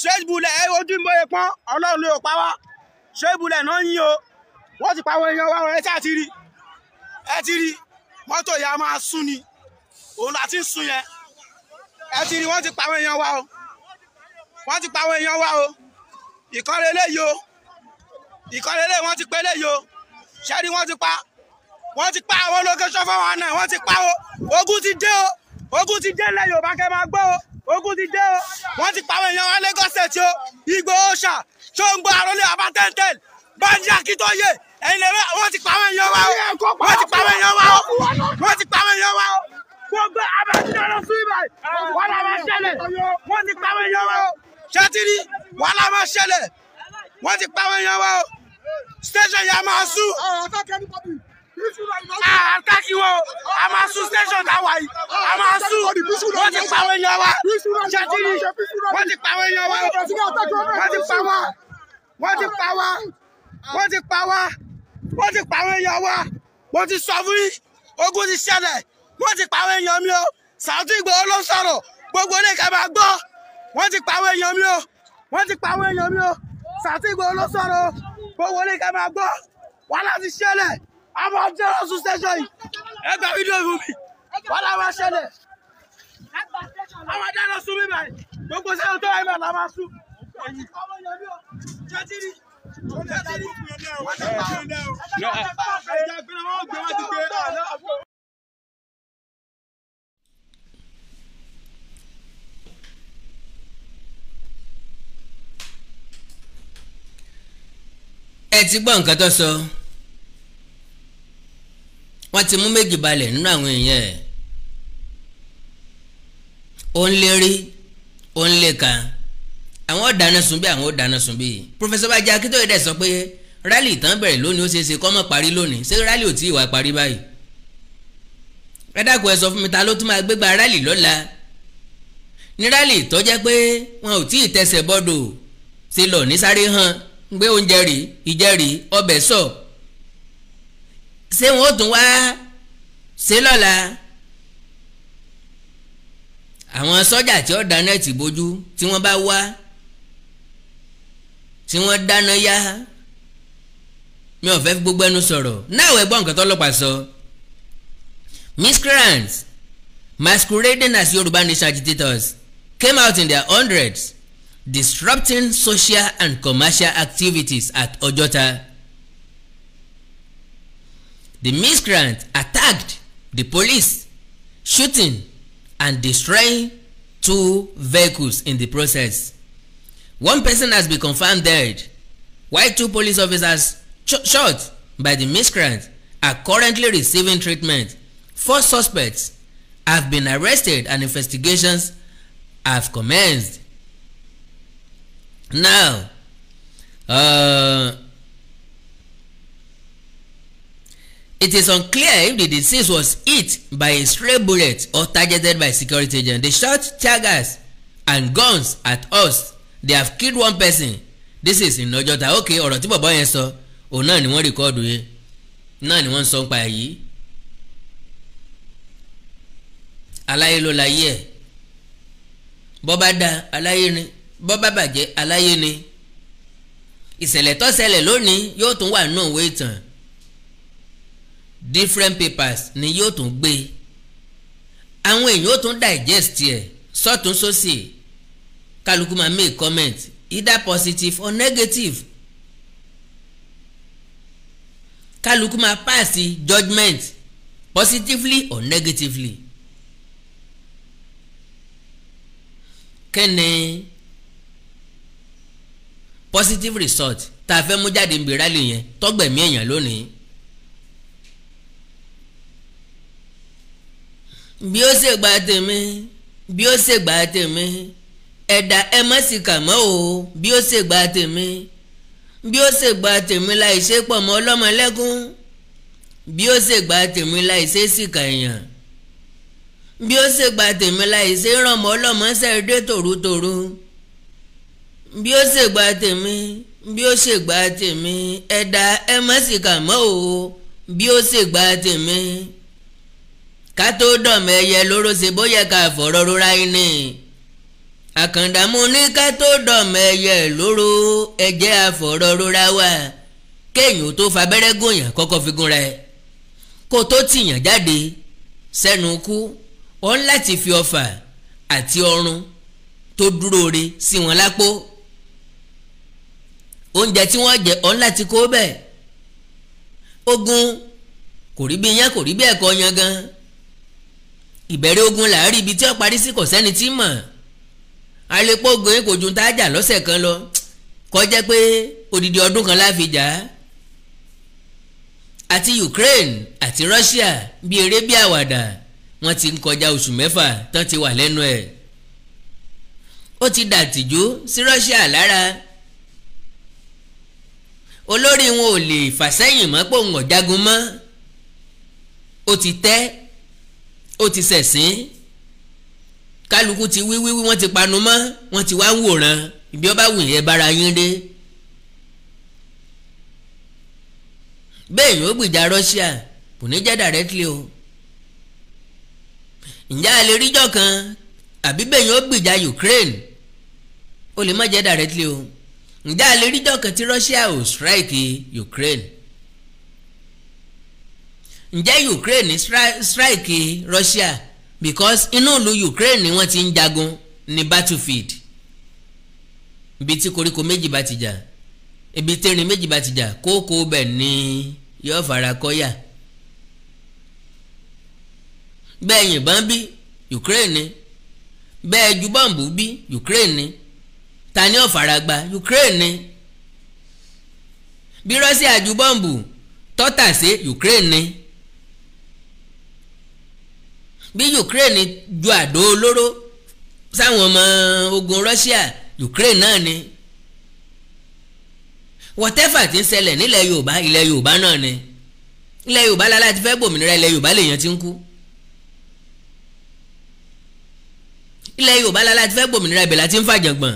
ṣéjúbulẹ̀ ẹ ojú mi bóyá pọ́n ọlọ́run ló pa wá ṣéjúbulẹ̀ náà ń yín o wọ́n ti pa àwọn èèyàn wa ẹ tí a ti rí ẹ ti rí mọ́tò yẹn a máa sún ni òun láti ń sun yẹn ẹ ti rí wọ́n ti pa àwọn èèyàn wa o wọ́n ti pa àwọn èèyàn wa o ìkọ́lé eléyìí o ìkọ́lé eléyìí wọ́n ti pé eléyìí o ṣẹ́ni wọ́n ti pa wọ́n ti pa àwọn olókè ṣọ́fọ́ wọn náà wọ́n ti pa o ogun ti dé o ogun ti dé lẹ́yìn òbákẹ́ máa gbọ́ o ogun ti dé o wọ́n ti pàwọn èèyàn wa Lagos State o Ìgbòho ṣà ṣóńgbó àròlé abatẹ́ntẹ́l Banji Akíntóyè ẹ̀yin lè wọ́n ti pàwọn èèyàn wa o wọ́n ti pàwọn èèyàn wa o wọ́n ti pàwọn èèyàn wa o gbogbo abẹ́sílẹ̀ lọ sí ibà wọ́n là máa ṣẹlẹ̀ wọ́n ti pàwọn èèyàn wa o ṣẹ́tìrì wọ́n là máa ṣẹlẹ̀ wọ́n ti pàwọn èèyàn wa o station yà máa sùn àtàkì ah, a máa sún station táwa yìí a máa sún wọ́n ti pa àwọn èèyàn wa jẹ́tìrì wọ́n ti pa àwọn èèyàn wa wọ́n ti pa wa wọ́n ti pa wa wọ́n ti pa wa wọ́n ti pa àwọn èèyàn wa mo ti sọ fún yín ogun ti ṣẹlẹ̀ wọ́n ti pa àwọn èèyàn mi o Sàùtú Ìgbòho ló sọ̀rọ̀ gbogbo ilé ìka máa gbọ́ ti pa àwọn èèyàn mi o wọ́n ti pa àwọn èèyàn mi o Sàùtú Ìgbòho ló sọ̀rọ̀ gbogbo ilé ìka máa gbọ́ wàhálà ti àmọ́ ọjọ́ ọ̀sùn station yìí ẹ gba fídíò fún mi wọ́n làwọn ṣẹlẹ̀ àwọn ọjọ́ ọ̀sùn mi báyìí gbogbo sẹ́yìn tó ẹ̀mẹ̀ la máa sùn. ẹ ti gbọ́ nǹkan tó sọ wọ́n ti mú méjì balẹ̀ nínú àwọn èèyàn ẹ̀ ó ń lérí ó ń léka àwọn ó dáná bí àwọn ó dáná sun bí Professor Bánjí Akíntóyè dẹ̀ sọ pé rally, ìtàn bẹ̀rẹ̀ lónìí ó ṣeé ṣe kó má parí lónìí ṣé rálì ò tí ì wá parí báyìí rẹ́dàkùn ẹ̀ sọ fún mi ta ló tún máa gbégbá rálì lọ́la ní rálì tó jẹ́ pé wọn ò tí ì tẹsẹ̀ bọ́dọ̀ ṣe lọ ní sáré hàn gbé oúnjẹ rì ìjẹ rì ọbẹ̀ sọ̀ ṣé wọn ò tún wá ṣe lọ́la àwọn sọ́jà tí ó da nẹ́ẹ̀tì bójú tí wọ́n bá wá tí wọ́n dáná yá mi ò fẹ́ fi gbogbo ẹnu sọ̀rọ̀ náà wẹ̀ gbọ́ nǹkan tọ́lọ́pàá sọ miscreants masquerading as Yorùbá nation agitators came out in their hundreds disrupting social and commercial activities at Ojota. The miscreants attacked the police, shooting and destroying two vehicles in the process. One person has been confirmed dead, while two police officers ch shot by the miscreants are currently receiving treatment. Four suspects have been arrested and investigations have commenced. Now, uh, It is unclear if the deceased was hit by a stray bullet or targeted by security agents. They shot tear gas and guns at us. They have killed one person. This is in Ojota. Okay, ọ̀rọ̀ tí bàbá yẹn sọ òun náà ni wọ́n rìkọ́ọ̀dù yẹn náà ni wọ́n ń sọ nípa yìí. Aláyé ló la yé ẹ̀ bọ́ bá da aláyé ni bọ́ bàjẹ́ aláyé ni ìṣẹ̀lẹ̀ tó lónìí yóò tún wà nínú òwe ìtàn different papers ni yóò tún gbé àwọn èèyàn ó tún digest ẹ̀ sọ́tún sósì kálukú máa make comment either positive or negative kálukú máa pass judgement positively or negatively kẹ́ni positive result tá a fẹ́ mú jáde ń bèrè rálẹ̀ yẹn tọ́gbẹ̀mí èèyàn lónìí. bí ó ṣe gba tèmi bí ó ṣe gba tèmi ẹ̀dá ẹ má sì kà mọ́ o bí ó ṣe gba tèmi bí ó ṣe gba tèmi láì ṣe pọ̀ mọ́ ọlọ́mọlẹ́kún bí ó ṣe gba tèmi láì ṣe sìkà èèyàn bí ó ṣe gba tèmi láì ṣe rànmọ́ ọlọ́mọ sẹ́ẹ̀dẹ́ tòrútòrú bí ó ṣe gba tèmi bí ó gba tèmi ẹ̀dá ẹ má sì kà mọ́ o bí ó ṣe gba tèmi. ká tó dọ̀mọ̀ ẹyẹ lóró ṣe bóyá ká fọ̀rọ̀ rora ẹni àkàndá mo ní ká tó dọ̀mọ̀ ẹyẹ lóró ẹjẹ́ àfọ̀rọ̀ rora wà kéèyàn tó fabẹ́rẹ́ gòyàn kọ́kọ́ fi gúnra ẹ kó tó tìyàn jáde sẹ́nu kú wọ́n láti fi ọfà àti ọrùn tó dúró re sí wọn lápò oúnjẹ tí wọ́n jẹ ọ̀n láti kó bẹ́ẹ̀ ogun kò rí bí yẹn kò rí bí ẹ̀kọ́ yẹn gan-an ìbẹ̀rẹ̀ ogun là á rí ibi tí ó parí sí kò sẹ́ni tí mọ̀ àlepọ̀ ogun kò ju tá a jà lọ́sẹ̀ kan lọ kọjá pé odidi ọdún kan la jà á àti Ukraine àti Russia bí eré bí àwàdà wọ́n ti ń kọjá oṣù mẹ́fà tán ti wà lẹ́nu ẹ̀ ó ti dà tìjú sí Russia lára olórí wọn ò lè fàsẹ́yìn mọ́ pé òun ọ̀jagun mọ́ ó ti tẹ́ ó ti ṣẹ̀sìn kálukú ti wí wíwí wọ́n ti panu mọ́ wọ́n ti wá ń wòran ibi ọba wù yẹn bára yín dé. bẹ́ẹ̀ yóò gbìjà Russia kò ní jẹ́ directly o ǹjẹ́ a lè ríjọ́ kan àbí bẹ́ẹ̀ yóò gbìjà Ukraine ó lè má jẹ́ directly o ǹjẹ́ a lè ríjọ́ kan tí Russia ò strike Ukraine ǹjẹ́ Ukraine strike Russia because inú ìlú Ukraine ni wọ́n ti ń jagun ní battlefield ibi tí koríko méjì bá ti jà ibi tẹ́rin méjì bá ti jà kókó bẹ̀ ni yóò fara kọ́yà bẹ́ẹ̀ yìnbọn bí Ukraine ni bẹ́ẹ̀ ju bọ́ǹbù bí Ukraine ni ta ni ó fara Ukraine ni bí Russia ju bọ́ǹbù tọ́tà sí Ukraine ni bí Ukraine ju àdó olóró sáwọn ọmọ ogun Russia Ukraine náà ni whatever ti ń ṣẹlẹ̀ nílẹ̀ Yorùbá ilẹ̀ Yorùbá náà ni ilẹ̀ Yorùbá lálá ti fẹ́ gbòmìnira ilẹ̀ Yorùbá lèèyàn ti ń kú ilẹ̀ Yorùbá lálá ti fẹ́ gbòmìnira ibẹ̀ láti ń fàjàngbọ̀n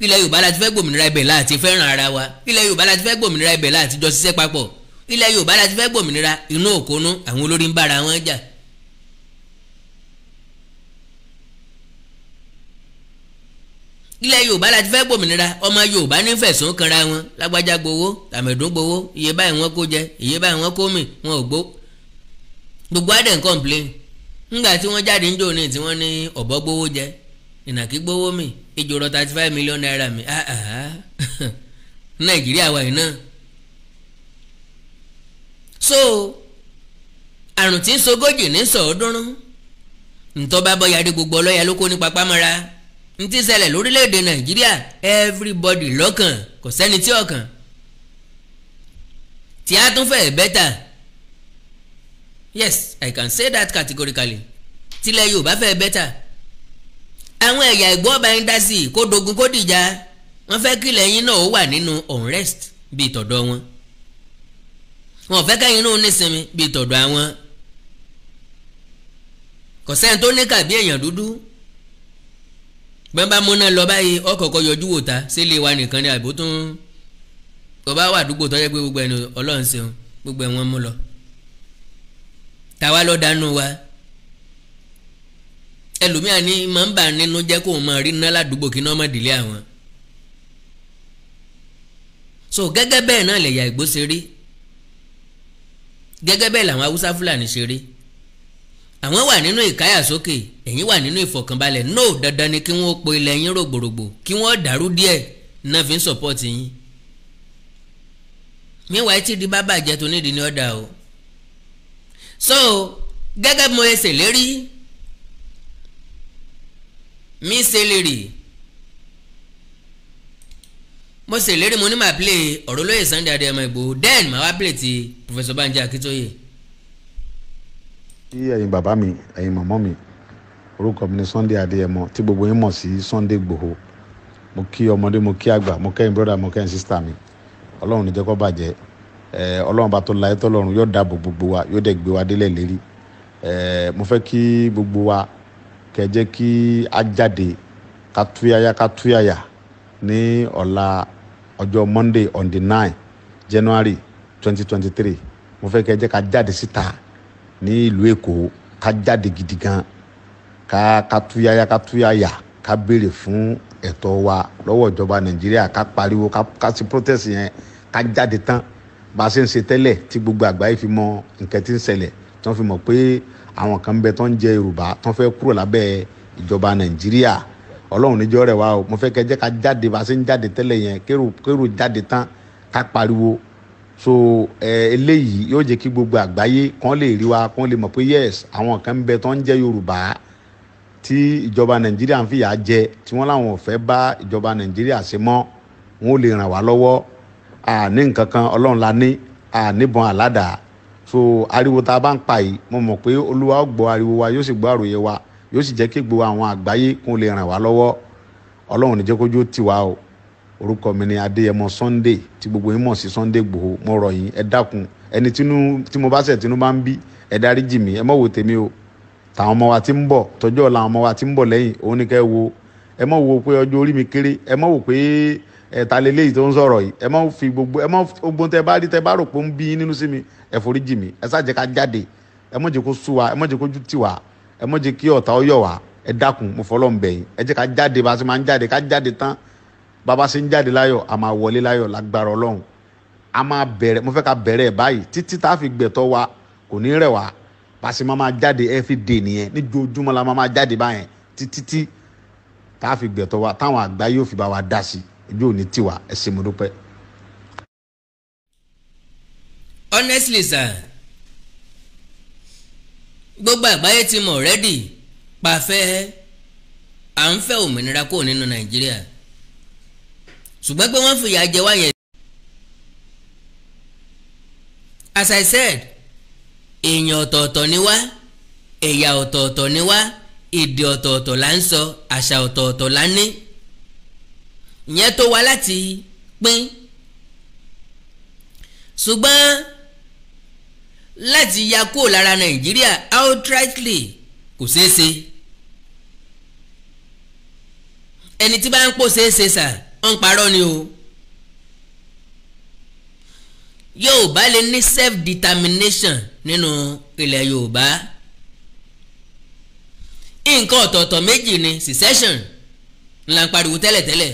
ilẹ̀ Yorùbá láti fẹ́ gbòmìnira ibẹ̀ láti fẹ́ràn ara wa ilẹ̀ Yorùbá láti fẹ́ gbòmìnira ibẹ̀ láti jọ ṣiṣẹ́ papọ̀ ilẹ̀ Yorùbá láti fẹ́ gbòmìnira inú òkónú àwọn olórí ń bára wọn jà ilẹ̀ yorùbá láti fẹ́ gbòmìnira ọmọ yorùbá ní fẹ̀sùn kanra wọn lágbájá gbowó tàmẹ̀dún gbowó iye báyìí wọn kó jẹ iye báyìí wọn kó mì wọn ò gbó gbogbo adé ń complain ńgbà tí wọ́n jáde ń jò ní tí wọ́n ní ọ̀bọ gbowó jẹ ìnàkí gbowó mì ejò thirty five million naira mi ah, ah, ah. nàìjíríà wà yìí náà so àrùn tí ń sogójì ní sọ̀ọ́dúnrún ntọ́ bá bọ́ yarí gbogbo ọlọ́yà ló kó ní papá mọ́ra n ti ṣẹlẹ̀ lórílẹ̀‐èdè nàìjíríà everybody lọ́kàn kò sẹ́ni tí ọ̀kàn tí a tún fẹ́ bẹ́tà yes i can say that categorically tilẹ̀ yorùbá fẹ́ bẹ́tà àwọn ẹ̀yà ìgbọ́ ọba yín dá sí i kó dogun kó dìjà wọ́n fẹ́ kí lẹ́yìn náà ó wà nínú unrest bíi tọ̀dọ̀ wọn wọn fẹ́ kẹ́yìn náà nísinmi bíi tọ̀dọ̀ àwọn kò sẹ́ni tó ní kàbí èèyàn dúdú gbọ́n bá múná lọ báyìí ọkọ̀ọ̀kọ̀ yọjú wò ta sílé wa nìkan ni àbó tún ọba wà àdúgbò tọ́jú pé gbogbo ẹni ọlọ́run ṣeun gbogbo ẹ̀ wọ́n mú lọ tàwa lọ wa ẹlòmíà ní máa ń bà nínú jẹ́ kó o máa rí so gẹ́gẹ́ bẹ́ẹ̀ náà lẹ̀yà ṣe rí gẹ́gẹ́ bẹ́ẹ̀ làwọn àwọn wà nínú ìkáyàsókè ẹ̀yin wà nínú ìfọ̀kànbalẹ̀ no dandan ni kí wọ́n po ilẹ̀ yín rògbòrògbò kí wọ́n dàrú díẹ̀ náà fi ń sọ̀pọ̀tì yín míwáyé tí di bá bàjẹ́ tó nídìí ní ọ̀dà o so gẹ́gẹ́ bí mo ṣe lérí mi ṣe lérí mo ṣèlérí mo ní màá play ọ̀rọ̀ lóye Sunday Adéyẹmọ Ìgbòho then màá wá play ti Professor Banji Akíntóyè sí ẹ̀yin bàbá mi ẹ̀yin mọ̀mọ́ mi orúkọ mi ni Sunday Adéyẹmọ tí gbogbo yín mọ̀ sí Sunday Igboho mo kí ọmọdé mo kí àgbà mo kẹ́yìn brọ́dà mo kẹ́yìn sísítà mi ọlọ́run níjẹ́ kó bàjẹ́ ọlọ́run bá tó la ẹ́ tọ́lọ́run yóò dáàbò gbogbo wa yóò dẹ̀ gbé wa délẹ̀ lérí mo fẹ́ kí gbogbo wa kẹ́ jẹ́ kí a jáde ká túyàyà ká túyàyà ní ọ̀la ọjọ́ Monday on the nine January twenty twenty three mo fẹ́ kẹ́ jẹ́ ká jáde síta. Si ní ìlú èkó ká jáde gidi gan ká ká túyáyá ká túyáyà ká béèrè fún ẹ̀tọ́ wa lọ́wọ́ ìjọba nàìjíríà ká pariwo ká sí protest yẹn ká jáde tán bá a ṣe ń ṣe tẹ́lẹ̀ tí gbogbo àgbáyé fi mọ nǹkan tí ń ṣẹlẹ̀ tí wọ́n fi mọ̀ pé àwọn kan bẹ tó ń jẹ yorùbá tó ń fẹ́ kúrò lábẹ́ ìjọba nàìjíríà ọlọ́run níjọ́ rẹ̀ wá o mo fẹ́ kẹ́ ká jáde bá a ṣe ń jáde tẹ́lẹ̀ yẹn kérò kérò jáde tán ká pariwo so eléyìí yóò jẹ́ kí gbogbo àgbáyé kan lè rí wa kan lè mọ̀ pé yes àwọn kan ń bẹ tó ń jẹ́ yorùbá tí ìjọba nàìjíríà ń fìyà jẹ tí wọ́n láwọn ò fẹ́ bá ìjọba nàìjíríà ṣe mọ́ wọn ò lè ràn wá lọ́wọ́ àní nǹkan kan ọlọ́run la ní àníbọn àládàá so ariwo tá a bá ń pa yìí mo mọ̀ pé olúwa ó gbọ́ ariwo wa yóò sì gbọ́ àròyé wa yóò sì jẹ́ kí gbogbo àwọn àgbáyé kó lè ràn wá lọ́wọ́ ọlọ́run ní jẹ́ kójú tiwa o orúkọ mi ni adéyẹmọ sunday tí gbogbo yín mọ̀ sí sunday gbòho mo rọ̀ yín ẹ dákun ẹni tí mo bá ṣẹ̀ tínú bá ń bí ẹ dáríjì mí ẹ mọ̀ wò tèmi o tàwọn ọmọ wa ti ń bọ̀ tọ́jú ọ̀la àwọn ọmọ wa ti ń bọ̀ lẹ́yìn òun ni kẹ́ wo ẹ mọ̀ wo pé ọjọ́ orí mi kéré ẹ mọ̀ wò pé ẹ̀ta lélẹ́yìí tó ń sọ̀rọ̀ yìí ẹ mọ̀ fi gbogbo ẹ mọ̀ ogun tẹ bá rí tẹ bá rò pé ń bí nínú sí mi ẹ foríjì mí ẹ sáà ká jáde ẹ mọ̀ jẹ́ kó sú wa ẹ mọ̀ jẹ́ kó jútì wa ẹ mọ̀ jẹ́ kí ọ̀tá ó yọ̀ ẹ dákun mo fọlọ́ ń bẹ̀ ẹ jẹ́ ká jáde bá a ṣe máa ń jáde ká jáde tán bàbá ṣe ń jáde láyọ̀ a máa wọlé láyọ̀ lágbára ọlọ́run a máa bẹ̀rẹ̀ mo fẹ́ ká bẹ̀rẹ̀ báyìí títí tá a fi gbẹ̀tọ́ wa kò ní rẹ̀ wá pàṣẹ máa máa jáde every day nìyẹn níjojúmọ́ la máa máa jáde báyẹn títí tí tá a fi gbẹ̀tọ́ wa táwọn àgbà yóò fi bá wa dá sí ojú òní tiwa ẹ ṣé mo dúpẹ́. honestly sir gbogbo àgbáyé ti mọ̀ rẹ́dì pàfẹ́ à ń fẹ́ òmìnira kúrò nínú nàìjíríà. No ṣùgbọ́n pé wọ́n fìyà jẹ wá as i said èèyàn ọ̀tọ̀ọ̀tọ̀ ni wá ẹ̀yà ọ̀tọ̀ọ̀tọ̀ ni wá èdè ọ̀tọ̀ọ̀tọ̀ là ń sọ àṣà ọ̀tọ̀ọ̀tọ̀ là ń ní ìyẹn tó wá láti pín ṣùgbọ́n láti ya kúrò lára nàìjíríà outrightly kò ṣeé ṣe ẹni tí bá ń pò ṣeé ṣe sà ń parọ́ ni o Yorùbá lè ní self determination nínú ilẹ̀ Yorùbá nǹkan ọ̀tọ̀ọ̀tọ̀ méjì ni secession ńlá ń pariwo tẹ́lẹ̀tẹ́lẹ̀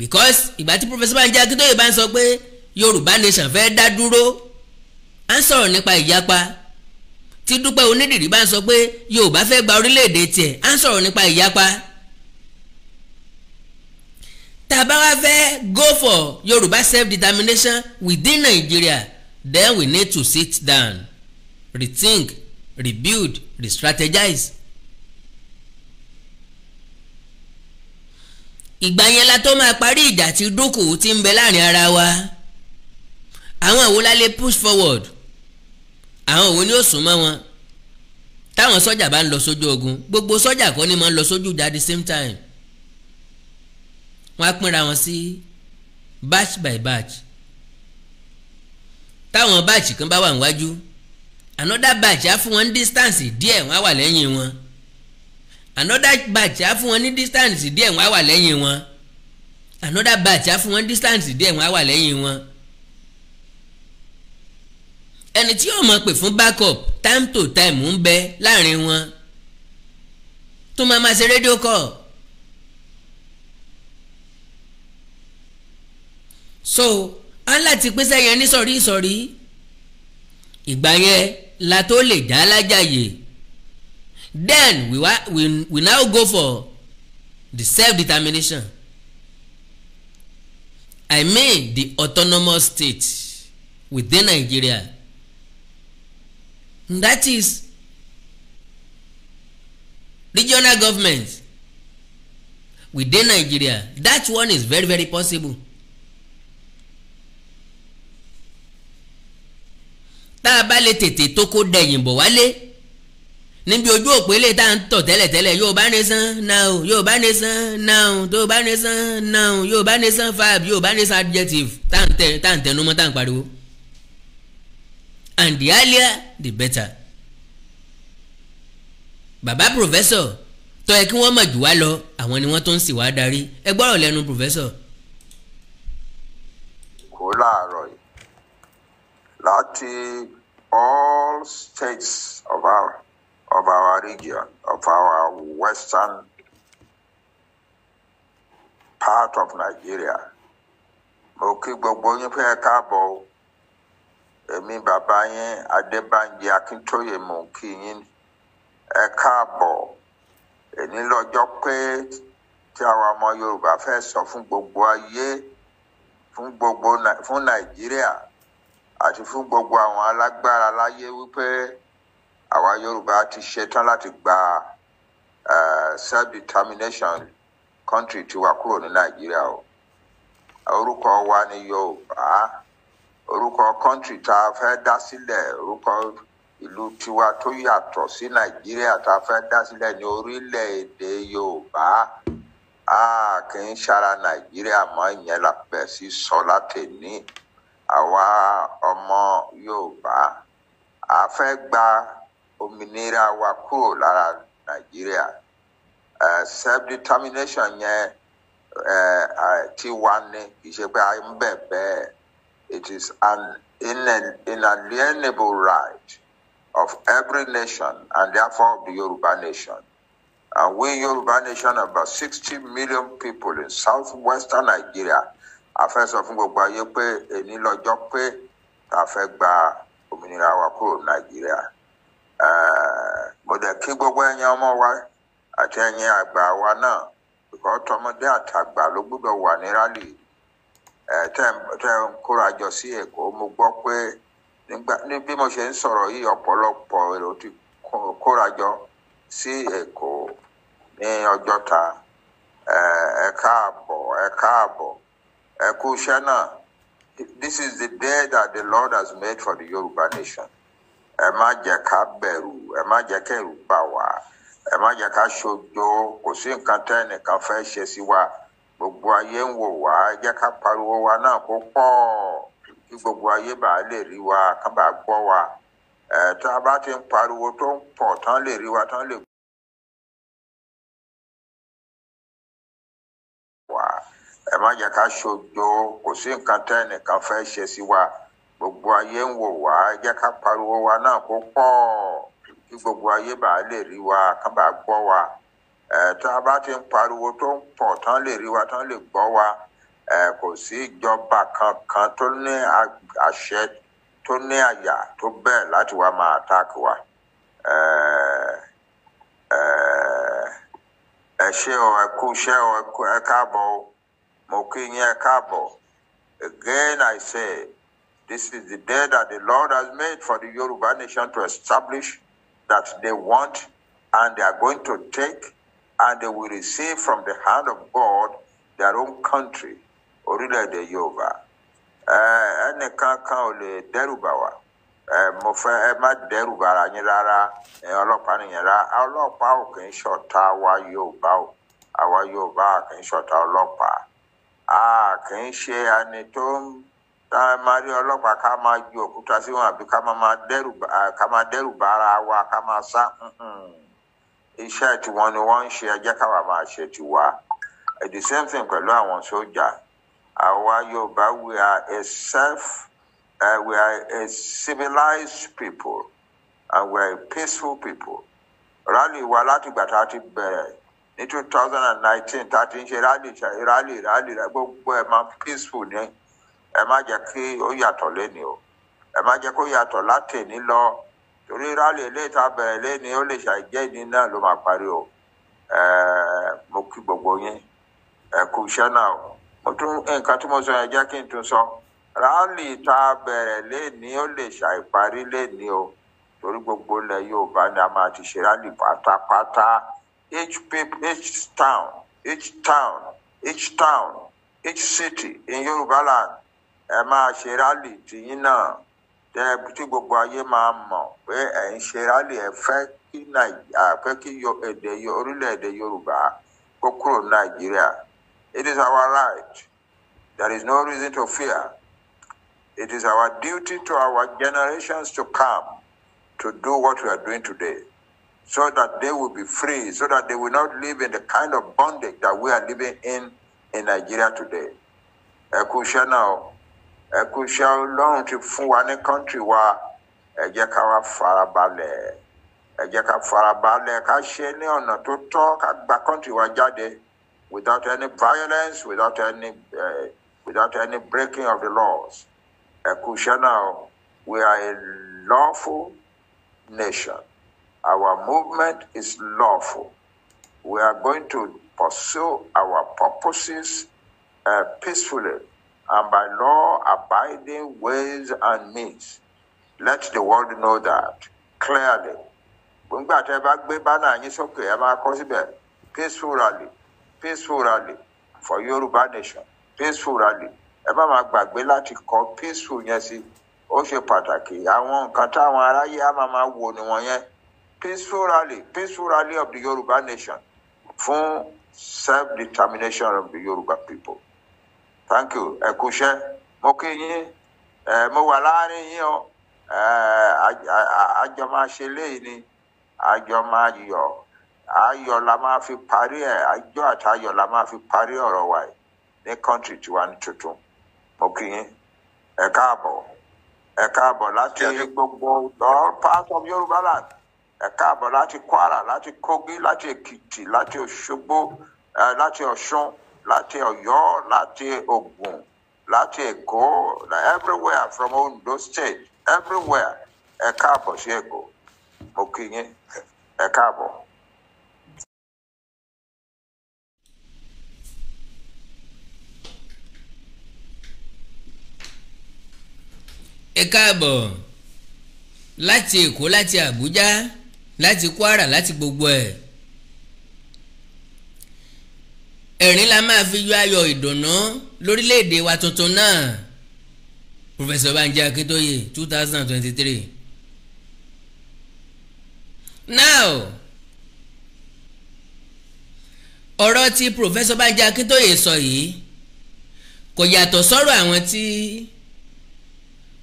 because ìgbà tí Professor Banji Akíntóyè bá ń sọ pé Yorùbá nation fẹ́ dá dúró à ń sọ̀rọ̀ nípa ìyapa tí Dúpẹ́ Onídìrí bá ń sọ pé Yorùbá fẹ́ gba orílẹ̀-èdè tiẹ̀ à ń sọ̀rọ̀ nípa ìyapa tá wa bá fẹ́ go for Yorùbá self-determination within Nigeria then we need to sit down rethink rebuild restrategize. ìgbà yẹn la tó máa parí ìjà tí dúkù ti ń bẹ láàrin ara wa àwọn àwo la lè push forward àwọn òun ni ó sún mọ́ wọn táwọn sọ́jà bá ń lọ sójú ogun gbogbo sọ́jà kọ́ ni máa ń lọ sójú ìjà at the same time wọ́n á pínra wọn sí batch by batch táwọn batch kan bá wà níwájú another batch á fún wọn ní distance díẹ̀ wọ́n á wà lẹ́yìn wọn another batch á fún wọn ní distance díẹ̀ wọ́n á wà lẹ́yìn wọn another batch á fún wọn distance díẹ̀ wọ́n á wà lẹ́yìn wọn ẹni tí yóò máa pè fún backup time to time ń bẹ láàrin wọn tó máa ma ṣe rédíò kọ́ọ̀ so Allah ti pín sẹ́yìn ní sọ̀rí sọ̀rí ìgbà yẹn la tó lè dá lájàyè then we, wa, we, we now go for the self-determination I mean the autonomous state within Nigeria that is regional government within Nigeria that one is very very possible tá a bá lè tètè tó kó dẹ̀yìn bọ̀ wálé níbi ojú òpó ilé tá à ń tọ̀ tẹ́lẹ̀tẹ́lẹ̀ Yorùbá Nation now Yorùbá Nation now Yorùbá Nation now Yorùbá Nation fab Yorùbá Nation adjective tá à ń tẹnumọ́ tá à ń pariwo and the earlier the better bàbá professor tó yẹ kí wọ́n mọ̀ jù wá lọ àwọn ni wọ́n tó sì wá darí ẹ gbọ́rọ̀ lẹ́nu professor. kò láàárọ̀ yìí láti all states of our of our region, of our western part of Nigeria. Mo kí gbogbo yín pé ẹ káàbọ̀ o. Èmi bàbá yín Adébánjí Akíntóyè mò ń kí yín ẹ káàbọ̀. Èní lọ́jọ́ pé tí àwa ọmọ Yorùbá fẹ́ sọ fún gbogbo ayé fún gbogbo fún Nàìjíríà àti fún gbogbo àwọn alágbára láyé wípé àwa Yorùbá ti ṣetán láti gba self determination country tiwa kúrò ní Nàìjíríà o orúkọ wa ni Yorùbá orúkọ country tá a fẹ́ dá sílẹ̀ orúkọ ìlú tiwa tó yàtọ̀ sí Nàìjíríà tá a fẹ́ dá sílẹ̀ ní orílẹ̀-èdè Yorùbá a kì í ṣara Nàìjíríà mọ́ ìyẹn la bẹ̀ sí sọ látẹ̀ ní. àwa ọmọ Yorùbá a fẹ́ gba òmìnira wa kúrò lára Nàìjíríà self determination yẹn ti wà ní kì í ń bẹ́ẹ̀ it is an inalienable right of every nation and therefore the Yorùbá nation. And we Yoruba nation, about 60 million people in southwestern Nigeria, a fẹ́ sọ fún gbogbo ayé pé èní lọ́jọ́ pé a fẹ́ gba òmìnira wa kúrò nàìjíríà kí gbogbo ẹ̀yin ọmọ wa àti ẹ̀yin àgbà wa náà ìkọ́ tọmọdé àtàgbà ló gbúdọ̀ wà ní rálì tẹ́ ń kóra jọ sí èkó mo gbọ́ pé bí mo ṣe ń sọ̀rọ̀ yìí ọ̀pọ̀lọpọ̀ ẹkú ṣáná this is the day that the Lord has made for the Yoruba nation ẹ má jẹ́ ká bẹ̀rù ẹ má jẹ́ ká ẹ̀rù bà wá ẹ má jẹ́ ká ṣojo kò sí nǹkan tẹ́ ẹnìkan fẹ́ ṣe sí wa gbogbo ayé ń wò wá ẹ jẹ́ ká pariwo wa náà kó pọ̀ kí gbogbo ayé bá lè rí wa ká ẹ má jẹ́ ká ṣojo kò sí nǹkan tẹ́ ẹnìkan fẹ́ ṣe sí wa gbogbo ayé ń wò wá ẹ jẹ́ ká pariwo wa náà kó pọ̀ kí gbogbo ayé bá lè rí wa ká bá gbọ́ wa ẹ tá a bá ti ń pariwo tó ń pọ̀ tán lè rí wa tán lè gbọ́ wa ẹ kò sí ìjọba kankan tó ní àṣẹ tó ní àyà tó bẹ́ẹ̀ láti wá máa attack wa ẹ ẹ ẹ ṣé o ẹ kú ṣé o ẹ káàbọ̀ o mo kí again i say this is the day that the lord has made for the yoruba nation to establish that they want and they are going to take and they will receive from the hand of god their own country orílẹ̀ de yorùbá ẹnìkan kan ò lè dẹ́rù bà wá mo fẹ́ ẹ má dẹ́rù bara yín rárá ọlọ́pàá nìyẹn rá ọlọ́pàá ò kì í ṣọ̀tá àwa yorùbá ò àwa yorùbá kì í ṣọ̀tá ọlọ́pàá a kì í ṣe ẹni tó ń tá a máa rí ọlọ́pàá ká máa ju òkúta sí wọn àbí ká máa dẹ́rù ká máa dẹ́rù bà ara wa ká máa sá iṣẹ́ tiwọn ni wọ́n ń ṣe ẹjẹ́ káwa máa ṣe tiwa the same thing pẹ̀lú àwọn sójà àwa Yorùbá we are a self uh, we are a civilized people and we are a peaceful people rally wa láti gbà tá a ti bẹ̀rẹ̀. ní two thousand and nineteen tá a ti ṣe rally rally gbogbo ẹ̀ máa peaceful ni ẹ má kí ó lẹ́ni o ẹ má jẹ́ kó láti ní lọ torí rally eléyìí tá a ó lè ìní náà o mo kí gbogbo yín ẹ kú o mo tún nǹkan tí mo sọ yẹn kí n tún sọ rally tá a o torí gbogbo a máa ti ṣe rally pátápátá. each people, each town, each town, each town, each city in Yorùbá land ẹ máa ṣe rally tìyín náà tẹ tí gbogbo ayé máa mọ̀ pé ẹ ń ṣe rally ẹ fẹ́ kí nàìjíríà fẹ́ kí èdè orílẹ̀-èdè Yorùbá kó kúrò Nàìjíríà it is our right there is no reason to fear it is our duty to our generations to come to do what we are doing today so that they will be free, so that they will not live in the kind of bondage that we are living in in Nigeria today. Ẹ kú iṣẹ́ náà o, ẹ kú iṣẹ́ country wa, ẹ jẹ́ ká wá farabalẹ̀, ẹ jẹ́ ká farabalẹ̀ ká ṣe ní country wa jade without any violence, without any uh, without any breaking of the laws. Ẹ kú we are a lawful nation. Our movement is lawful. We are going to pursue our purposes uh, peacefully and by law abiding ways and means. Let the world know that clearly. Gbogbo àti ẹ bá gbé bánà yín sókè ẹ máa for Yoruba nation Peacefully, rally ẹ má máa gbàgbé láti kọ peaceful yẹn sí ó ṣe pàtàkì àwọn nǹkan táwọn aráyé á máa máa wò nìwọ̀nyẹn peaceful rally peaceful rally of the Yoruba nation fún self-determination of the Yoruba people thank you ẹ kú iṣẹ́ mo kí yín ẹ mo wà láàrin yín o ẹ àjọ máa ṣe léyìí ni àjọ máa yọ ayọ̀ la máa fi parí ẹ àjọ àtayọ̀ la máa fi parí ọ̀rọ̀ wa yìí ní kọńtì tiwa ní tuntun mo kí yín ẹ káàbọ̀ ẹ káàbọ̀ láti gbogbo all parts of Yoruba land ẹ káàbọ̀ láti kwara láti kogi láti èkìtì láti òṣogbo láti ọ̀ṣun láti ọ̀yọ́ láti ogun, láti èkó everywhere from ondo state everywhere ẹ káàbọ̀ sí èkó mo kí yín ẹ káàbọ̀. ẹ káàbọ̀ láti èkó láti àbújá láti Kwara láti gbogbo ẹ̀ ẹ̀rín la máa fi yọ ayọ̀ ìdùnnú lórílẹ̀‐èdè wa tuntun náà Professor Banji Akintoye two thousand twenty three now ọ̀rọ̀ tí Professor Banji Akintoye sọ yìí kò yàtọ̀ sọ́rọ̀ àwọn tí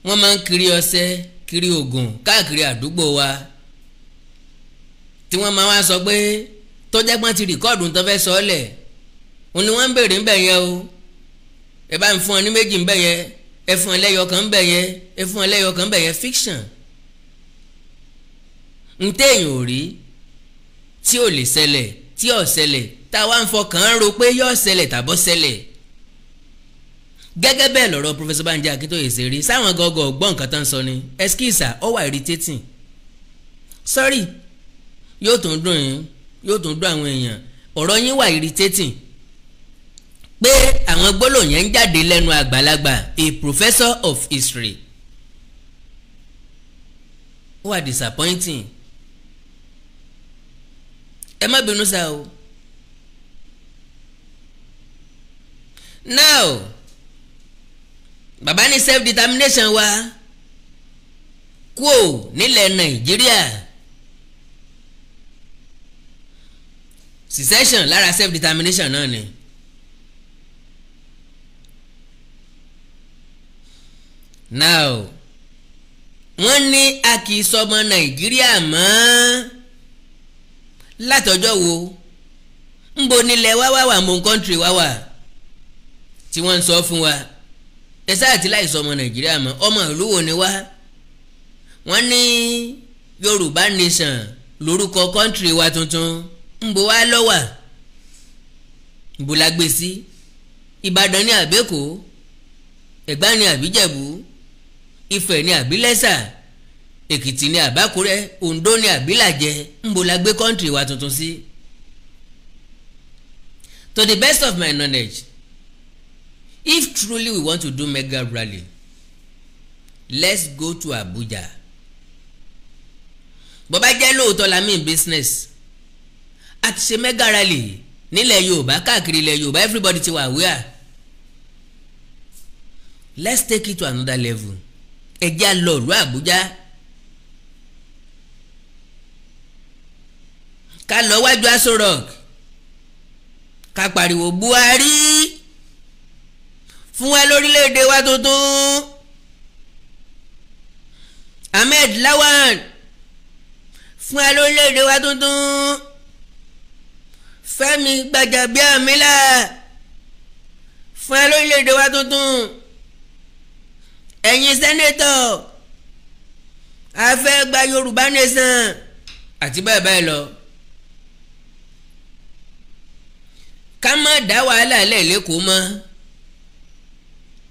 wọ́n máa ń kiri ọṣẹ kiri oògùn káàkiri àdúgbò wa tí wọ́n máa wá sọ pé tọ́jàgbọ́n ti rìkọ́ọ̀dù tó fẹ́ sọ ọ́ lẹ̀ òun ni wọ́n ń béèrè ńbẹ̀ yẹn o ẹ bá ń fún ọ ní méjì ńbẹ̀ yẹn ẹ fún ọ lẹ́yọ kan ńbẹ̀ yẹn ẹ fún ọ lẹ́yọ kan ńbẹ̀ yẹn fiction ń téèyàn ò rí tí ò lè ṣẹlẹ̀ tí ò ṣẹlẹ̀ táwa ń fọkàn rò pé yóò ṣẹlẹ̀ tàbọ̀ ṣẹlẹ̀ gẹ́gẹ́ bẹ́ẹ̀ lọ̀rọ̀ Professor Banji Akintoye ṣe rí sáwọn gọ́gọ́ gbọ́ nǹkan tán sọ ni eskisa ó irritating sorry yóò tún dùn yín yóò tún dùn àwọn èèyàn ọ̀rọ̀ yín wà irritating pé àwọn gbólóhùn yẹn ń jáde lẹ́nu àgbàlagbà a professor of history ó wà disappointing ẹ má bínú sá o now bàbá ní self determination wa kúò nílẹ̀ nàìjíríà. secession lára self determination náà ni. now wọ́n ní a kì í sọmọ nàìjíríà mọ́ látọjọ́ wo ńbo nílẹ̀ wá wá wà mọ́ country wá wà tí wọ́n ń sọ fún wa ẹ sáà tí láì sọmọ nàìjíríà mọ́ ọmọ ìlú wo ni wá wọ́n ní yorùbá nation lórúkọ country wa tuntun ńbò wá lọ́wà ńbò ìbàdàn ní àbẹ́kò ẹ̀gbá ní àbíjẹ̀bú ifẹ̀ ní àbílẹ́sà èkìtì ní àbákúrẹ́ oǹdó ní àbílàjẹ ńbò la gbé kọ́ńtì wa tuntun sí. to the best of my knowledge if truly we want to do mega rally let's go to Abuja bó bá jẹ́ lóòótọ́ la mean business a ti ṣe mega rally nílẹ̀ yorùbá káàkiri ilẹ̀ yorùbá everybody ti wà aware let's take it to another level ẹjẹ́ lọ ìlú àbújá ká lọ wájú aṣọ rock ká pariwo buhari fún wa lórílẹ̀‐èdè wa tuntun ahmed lawan fún wa lórílẹ̀‐èdè wa tuntun. Fẹ́mi Gbàjàbíàmílà fún ẹ lórílẹ̀‐èdè wa tuntun ẹ̀yin sẹ́nẹ́tọ̀ a fẹ́ gba Yorùbá nation àti bẹ́ẹ̀ bẹ́ẹ̀ lọ. ká má dá wàhálà lẹ́ẹ̀lẹ́kọ̀ọ́ mọ́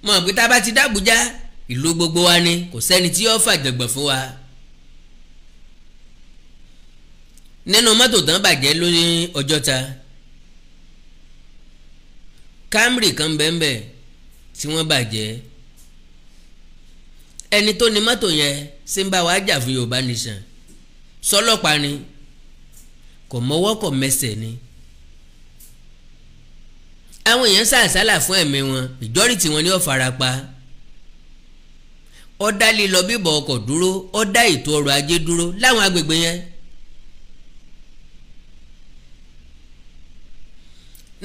mọ̀ pé tá a bá ti dá Àbújá ìlú gbogbo wa ni kò sẹ́ni tí yóò fàjọ̀gbọ̀n fún wa. nínú mọ́tò tán bàjẹ́ ló ní ọjọ́ta Camry kan bẹ́ẹ̀nbẹ́ tí wọ́n bàjẹ́ ẹni tó ní mọ́tò yẹn ṣe ń bá wa jà fún Yorùbá nation sọlọ́pàá ni kò mọ́wọ́ kò mẹsẹ̀ ni àwọn èèyàn sàṣàlà fún ẹ̀mí wọn ìjọ́rì tí wọ́n ó fara pa ó dá bíbọ̀ ọkọ̀ dúró ó ètò ọrọ̀ ajé dúró láwọn agbègbè yẹn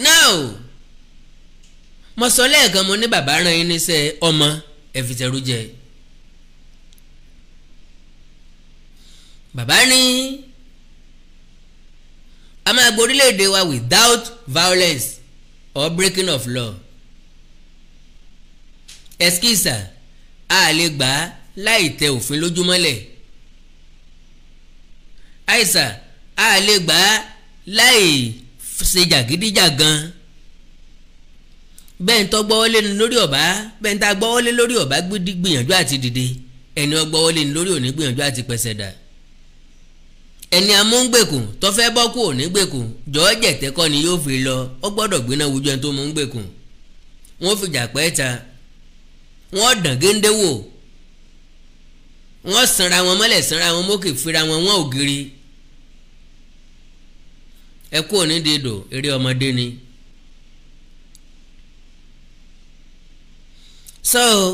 now mo sọ lẹ́ẹ̀kan mo ní bàbá rán yín níṣẹ́ ọmọ ẹ bàbá ní a máa gba orílẹ̀-èdè wa without violence or breaking of law ẹskísà a lè gbà á láì tẹ òfin lójúmọ́lẹ̀ àìsà a lè gbà á láì ṣe jàgídíjàgan bẹ́ẹ̀ ń tọ́ gbọ́wọ́lé ni lórí ọ̀bá bẹ́ẹ̀ ń ta gbọ́wọ́lé lórí ọ̀bá gbìyànjú àti dìde ẹni ó gbọ́wọ́lé ni lórí òní gbìyànjú àti pẹ̀sẹ̀ dà ẹni amúngbèkùn tó fẹ́ bọ́ kú òní gbèkùn jọ̀ọ́ jẹ̀tẹ́ ni yóò fi lọ ó gbọ́dọ̀ gbéná wojú ẹni tó mú ń gbèkùn wọ́n fi jà pẹ́ ta wọ́n dàn géńdé wọ́n sanra wọn mọ́lẹ̀ sanra wọn mókè fira wọn wọn ògiri ẹ kú òní dìdò eré ni. so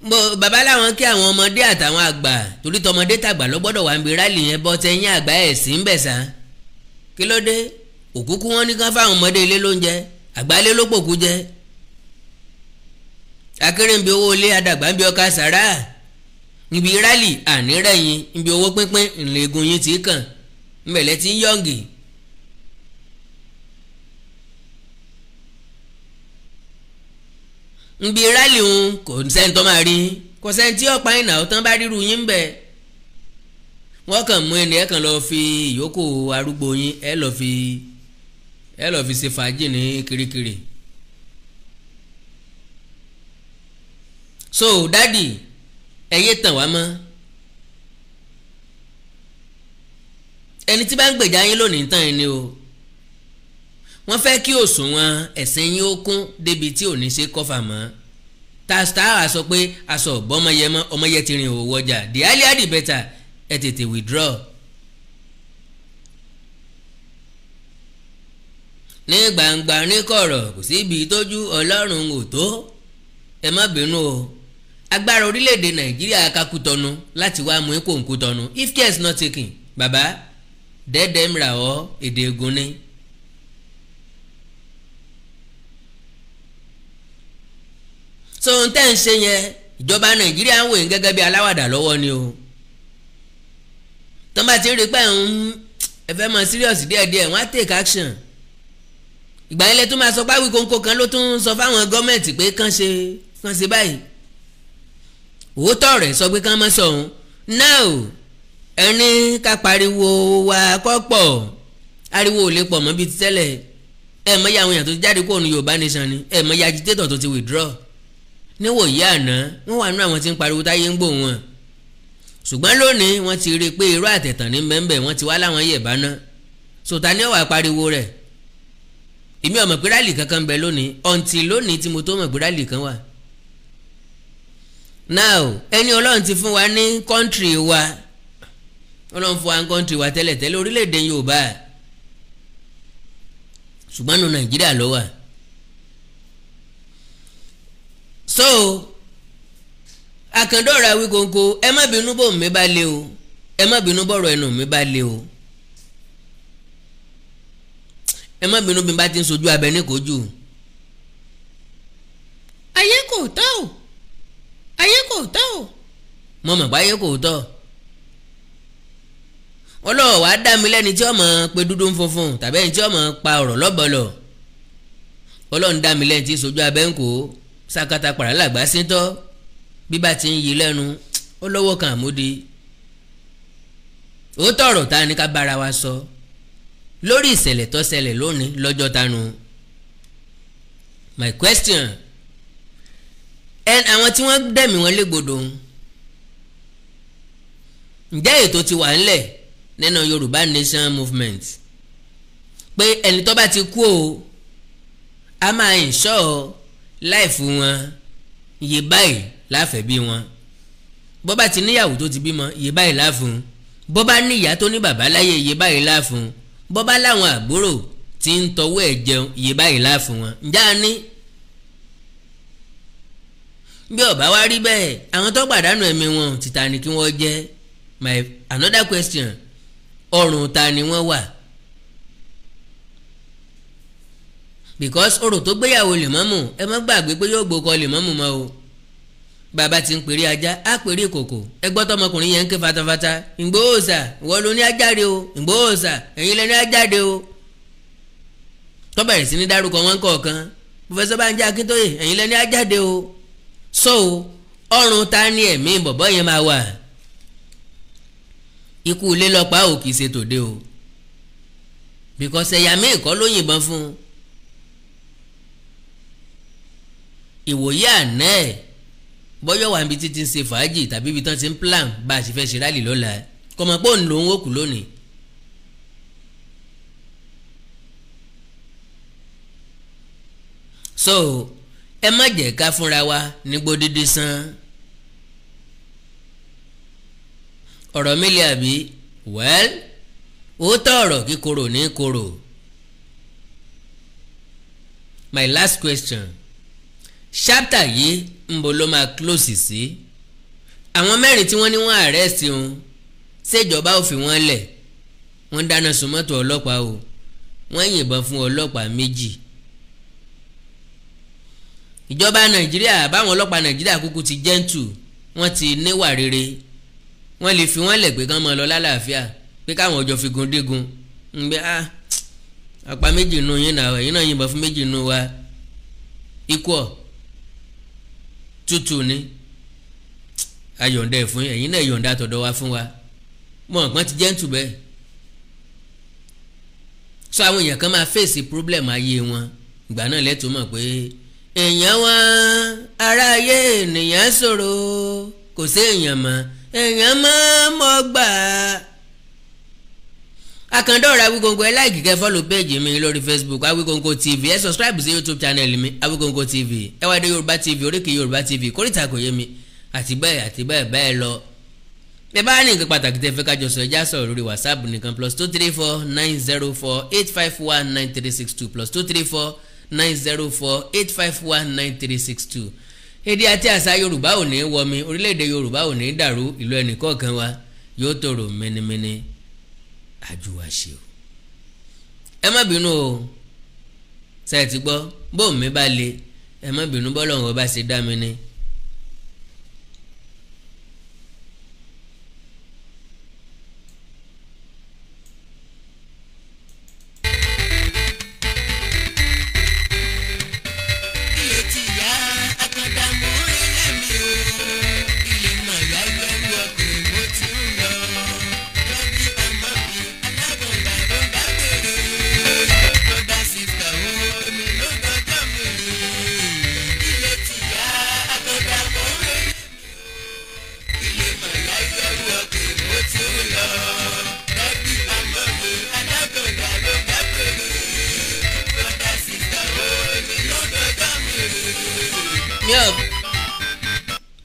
mo bàbá làwọn kí àwọn ọmọdé àtàwọn àgbà torí tọmọdé tàgbà ló gbọ́dọ̀ wà ń bi rálì yẹn bọ́ tẹ́yìn àgbà ẹ̀ sí ń bẹ̀ sá kí ló dé òkúkú wọn ní kán fáwọn ọmọdé ilé lóúnjẹ àgbà ilé ló pòkú jẹ akérèǹbi owó ilé adàgbà ń bi ọkà sàrà rálì ti mbẹ̀lẹ̀ ti ń yọ̀ǹgì. nbi rálì ń kò sẹ́ni tó máa rí kò sẹ́ni tí ọ̀pá ìnà ọ̀tán bá ríru yín bẹ̀. wọ́n kàn mú ẹni ẹ̀ kàn fi ìyókù arúgbó yín ẹ̀ lọ́ọ́ fi ẹ̀ lọ́ọ́ fi ṣe fàájì ní kirikiri. so dádì ẹ yé tàn wá mọ́. ẹni tí bá ń gbèjà yín lónìí tán ni o wọ́n fẹ́ kí òṣùwọ̀n ẹ̀sìn yín ó kún débi tí ò ní ṣe kọ́fà mọ́ tastara sọ pé aṣọ ọ̀bọ ọmọye mọ́ ti rìn òwò ọjà the earlier the better ẹ tètè withdraw. ní gbangba ní kọ̀rọ̀ kò síbi tójú ọlọ́run ò tó ẹ má bínú o agbára orílẹ̀-èdè nàìjíríà kakutọnu láti wá mú kòǹkutọnu if care is not taken bàbá dẹ́ẹ̀dẹ́ mìràwọ́ èdè egun ni. so n tẹ́ ń ṣe yẹn ìjọba nàìjíríà ń wò yín gẹ́gẹ́ bí aláwàdà lọ́wọ́ ni o tọ́n bá ti rí pé ń ẹ fẹ́ mọ serious díẹ̀díẹ̀ wọ́n á take action ìgbà yẹn lẹ tún máa sọ pé Awikonko kan ló tún sọ fáwọn gọ́ọ̀mẹ̀ntì pé kàn ṣe kàn ṣe báyìí òótọ́ rẹ̀ sọ pé kàn mọ́ sọ̀hún náà o ẹni ká pariwo wa kọ́pọ̀ ariwo ò lè pọ̀ mọ́ bíi tẹ́lẹ̀ ẹ mọ̀ ya àwọn èèyàn tó ti jáde kóònù Yorùbá nation ni ẹ mọ̀ ya agitator tó ti withdraw níwòyí àná wọ́n wà nínú àwọn tí ń pariwo táyé ń gbò wọn ṣùgbọ́n lónìí wọ́n ti rí i pé irú àtẹ̀tàn ní bẹ́ẹ̀nbẹ́ẹ̀ wọ́n ti wá láwọn yẹ̀bá ná sòtá ní ọ̀wà pariwo rẹ̀ èmi ò mọ̀ kankan bẹ lónìí ọ̀ǹtì lónìí tí mo tó mọ̀ pé kan wà. now ẹni ọlọ́run ti fún wa ní kọ́ńtì wa ọlọ́run fún wa ń kọ́ńtì wa tẹ́lẹ̀tẹ́lẹ̀ orílẹ̀-èdè Yorùbá ṣùgbọ́n nù Nàìjíríà ló wà. so àkàndọ̀rọ̀ Awikonko ẹ má bínú bò mí bá lé o ẹ má bínú bọ̀rọ̀ ẹnu mi bá lé o ẹ má bínú bí n bá ti ń sojú abẹ ní kojú. ayé kò tọ́ ayé kò tọ́ mo mọ̀ pé ayé kò tọ́ wọn lọ wàá dá mi lẹ́ni tí ọmọ pé dúdú ń funfun tàbí ẹni tí ọmọ pa ọ̀rọ̀ lọ́bọ̀lọ̀ ọlọ́run dá mi lẹ́ni tí sojú abẹ́ sakata pàrà làgbà síntọ́ bí bá ti ń yí lẹ́nu ó lọ́wọ́ kan àmúdi ó tọrọ ta ni ká bára wa sọ lórí ìṣẹ̀lẹ̀ tó ṣẹlẹ̀ lónìí lọ́jọ́ tanu my question ẹn àwọn tí wọ́n dẹ̀mí wọn légbodò ǹjẹ́ ètò ti wà ńlẹ̀ nínú Yorùbá Nation Movement pé ẹni tó bá ti kú o a máa ensure life wọn iye báyìí láfẹ́ bí wọn bó bá ti níyàwó tó ti bímọ iye báyìí láfún bó bá níyà tó ní bàbá láyé iye báyìí láfún bó bá láwọn àbúrò tí ń tọwọ́ ẹ̀ jẹun iye báyìí láfún wọn ǹjẹ́ a ní bí ọba wa rí bẹ́ẹ̀ àwọn tó pàdánù ẹ̀mí wọn tìta ni kí wọ́n jẹ́ my another question ọrùn ta ni wọn wà because orò tó gbéyàwó lèmọ́mù ẹ má gbàgbé pé yóò gbókọ lèmọ́mù mọ́ o bàbá ti ń pèrè ajá á pèrè kòkò ẹ gbọ́ tọmọkùnrin yẹn ń ké fatafata ìgbóhòsà ìwọ ló ní ajáde o ìgbóhòsà ẹ̀yin lẹ́ni ajáde o tó bẹ̀rẹ̀ sí ní dárúkọ wọn kọ̀ọ̀kan pòfẹ́sọ̀ Bánjí Akíntóyè ẹ̀yin lẹ́ni ajáde o so ọrùn ta ni ẹ̀mí bọ̀bọ́ yẹn máa wà. ikú ilé lọ́pàá ò kì í ṣe tòde o because ẹ̀yà míì kọ́ ló yìnbọn fún un ìwòye àná ẹ̀ bọ́yọ̀ wà níbi títí ń ṣe fàájì tàbí ibi tán ti ń plan bá a ṣe fẹ́ ṣe rálì lọ́la kọ́mọ pé òun lòun ó kú lónìí. so ẹ má jẹ́ ká fúnra wa nígbó dídí sán. ọ̀rọ̀ mi lè àbí well òótọ́ ọ̀rọ̀ kíkorò ní korò. my last question ṣáptà yìí ń bo ló máa close sí àwọn mẹ́rin tí wọ́n ní wọ́n arrest wọn ṣèjọba ò fi wọ́n lẹ̀ wọ́n dáná sun mọ́tò ọlọ́pàá o wọ́n yìnbọn fún ọlọ́pàá méjì ìjọba nàìjíríà báwọn ọlọ́pàá nàìjíríà kúkú ti gentle wọ́n ti níwà rere wọ́n lè fi wọ́n lẹ̀ pé kán máa lọ lálàáfíà pé káwọn ọjọ́ fi gun dígun ń gbé ah apá méjì nù yín náà yín náà yìnbọn fún méjì nù wa ikú ọ̀ tútù ni ayọ̀ǹda ẹ̀ fún yín ẹ̀yin náà yọ̀ǹda àtọ̀dọ̀ wa fún wa mọ̀ ọ̀pọ̀n ti jẹ́ǹtù bẹ́ẹ̀ so àwọn èèyàn kan máa fèsì problem ayé wọn ìgbà náà lẹ́tọ̀ọ́ mọ̀ pé èèyàn wọn aráyé ènìyàn ṣòro kò sí èèyàn mọ́ èèyàn máa mọ́ gbà á. Akanda ọ̀rọ̀ Awikonko ẹ láìkì kẹ́ fọ́lù péèjì mi lórí Facebook Awikonko TV ẹ sọ̀sìkírábù sí YouTube channel mi Awikonko TV ẹ wá dé Yorùbá TV oríkì Yorùbá TV kórìtà kò yé mi àti bẹ́ẹ̀ àti bẹ́ẹ̀ bẹ́ẹ̀ lọ. ẹ bá ní nǹkan pàtàkì tẹ́ fẹ́ kájọ sọ ẹjá sọ̀rọ̀ lórí WhatsApp nìkan plus two three four nine zero four eight five one nine three six two plus two three four nine zero four eight five one nine three six two èdè àti àṣà yorùbá ò ní wọmi orílẹ̀-èdè yorùbá ò ní dàrú ìlú ẹnìkọ̀ọ̀kan wa yóò tòrò mẹ́nimẹ́ni àjùwà ṣe o. ẹ má bínú o ṣe ti gbọ́ bóun mi bá le ẹ má bínú bọ́lọ̀ wọn bá ṣe dá mi ni.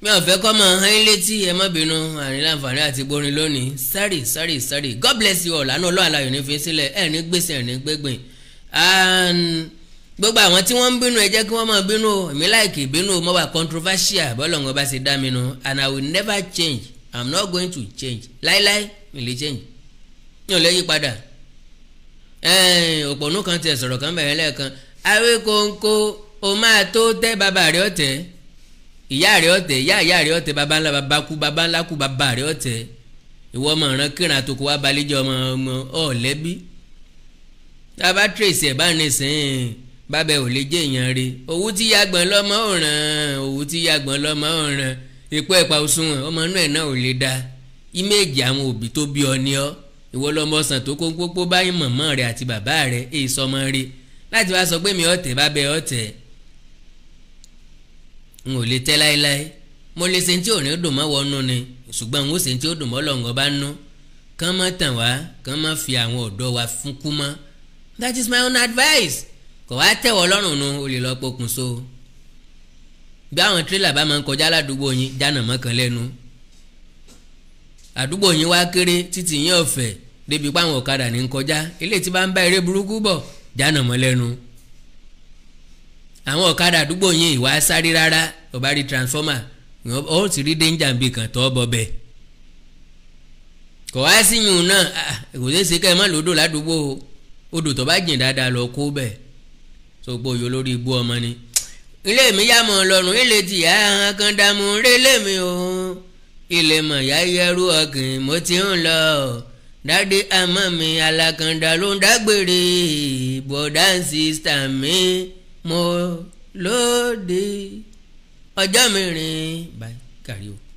mi ò fẹ́ kọ́ máa hán létí ẹ má bínú àrìn láǹfààní àti gbórin lónìí sorry sorry sorry god bless you all àánú ọlọ́ àlàyé ní fi sílẹ̀ ẹ̀rín gbèsè ẹ̀rín gbégbìn gbogbo àwọn tí wọ́n ń bínú ẹ jẹ́ kí wọ́n máa bínú o èmi láìkì bínú mo wà controversial bọ́lọ̀ ń bá ṣe dá mi nu and i will never change i'm not going to change láíláí mi lè change mi ò lè yí padà òpònú kan tiẹ̀ sọ̀rọ̀ kan bẹ̀rẹ̀ lẹ́ẹ̀kan awé kóńkó o máa tó tẹ́ bàbá rẹ̀ ọ̀tẹ̀ ìyá rẹ ọtẹ ìyá ìyá rẹ ọtẹ baba ńlá baba kú baba ńlá kú baba rẹ ọtẹ ìwọ ọmọ ọ̀ràn kíran àtòkò wa balẹ̀jọ ọmọ ọmọ ọ̀lẹ́bí tá a bá tírèsì ẹ̀ bá ní sìn bábẹ́ ò lè jẹ́ èèyàn rẹ òwú tí yàgbọ́n lọ́mọ ọ̀ràn òwú tí yàgbọ́n lọ́mọ ọ̀ràn ìpọ́ ẹ̀pà òṣùwọ̀n ọmọ inú ẹ̀ náà ò lè da íméèjì àwọn òbí tó bí ọ ni ọ ìwọ lọmọ ọsàn tó kóńpópó báyìí mọ̀mọ́ rẹ àti bàbá rẹ èyí sọmọ rẹ láti wá sọ pé mi ọ̀tẹ̀ bábẹ́ ọ̀tẹ̀ n ò lè tẹ́ láéláé mo lè ṣe tí ò dùn mọ́ wọnú ni ṣùgbọ́n n ó ṣe tí ó dùn mọ́ lọ́ngàn bá nú kán má tàn wá kán má fi àwọn ọ̀dọ́ wa fún kú mọ́ that is my own advice kò wá tẹ̀wọ́ lọ́rùn nu o lè lọ pokùnso bí àwọn tírélà bá máa ń kọjá ládùúgbò yín dáná mọ́kàn lẹ́nu àdúgbò yín wá kéré títì yín ọ̀fẹ́ débi pé àwọn ọ̀kadà ní ń kọjá eléyìí tí bá ń bá eré burúkú bọ̀ dáná mọ́ lẹ́nu àwọn ọ̀kadà àdúgbò yẹn ìwà sáré rárá ó bá rí transformer ó sì rí danger bí kan tọ́ bọ̀ bẹ́ẹ̀ kò wá sí yùn náà ah, kò sí ṣe kẹ́ ẹ má lòdò ládùúgbò odò tó bá jìn dáadáa lọ kó bẹ́ẹ̀ tó gbóyò lórí igbó ọmọ ni ilé mi yá mọ̀ lọ́rùn ilé tí ìyá kan dààmú ré lé mi o ilé mọ̀ yá yẹrú ọ̀gìn mo ti ń lọ dáadé àmọ́ mi alákàndá ló ń dágbére bọ̀dá sísítà mi mo lóde ọjọ́ mi rìn báyìí kàrí o.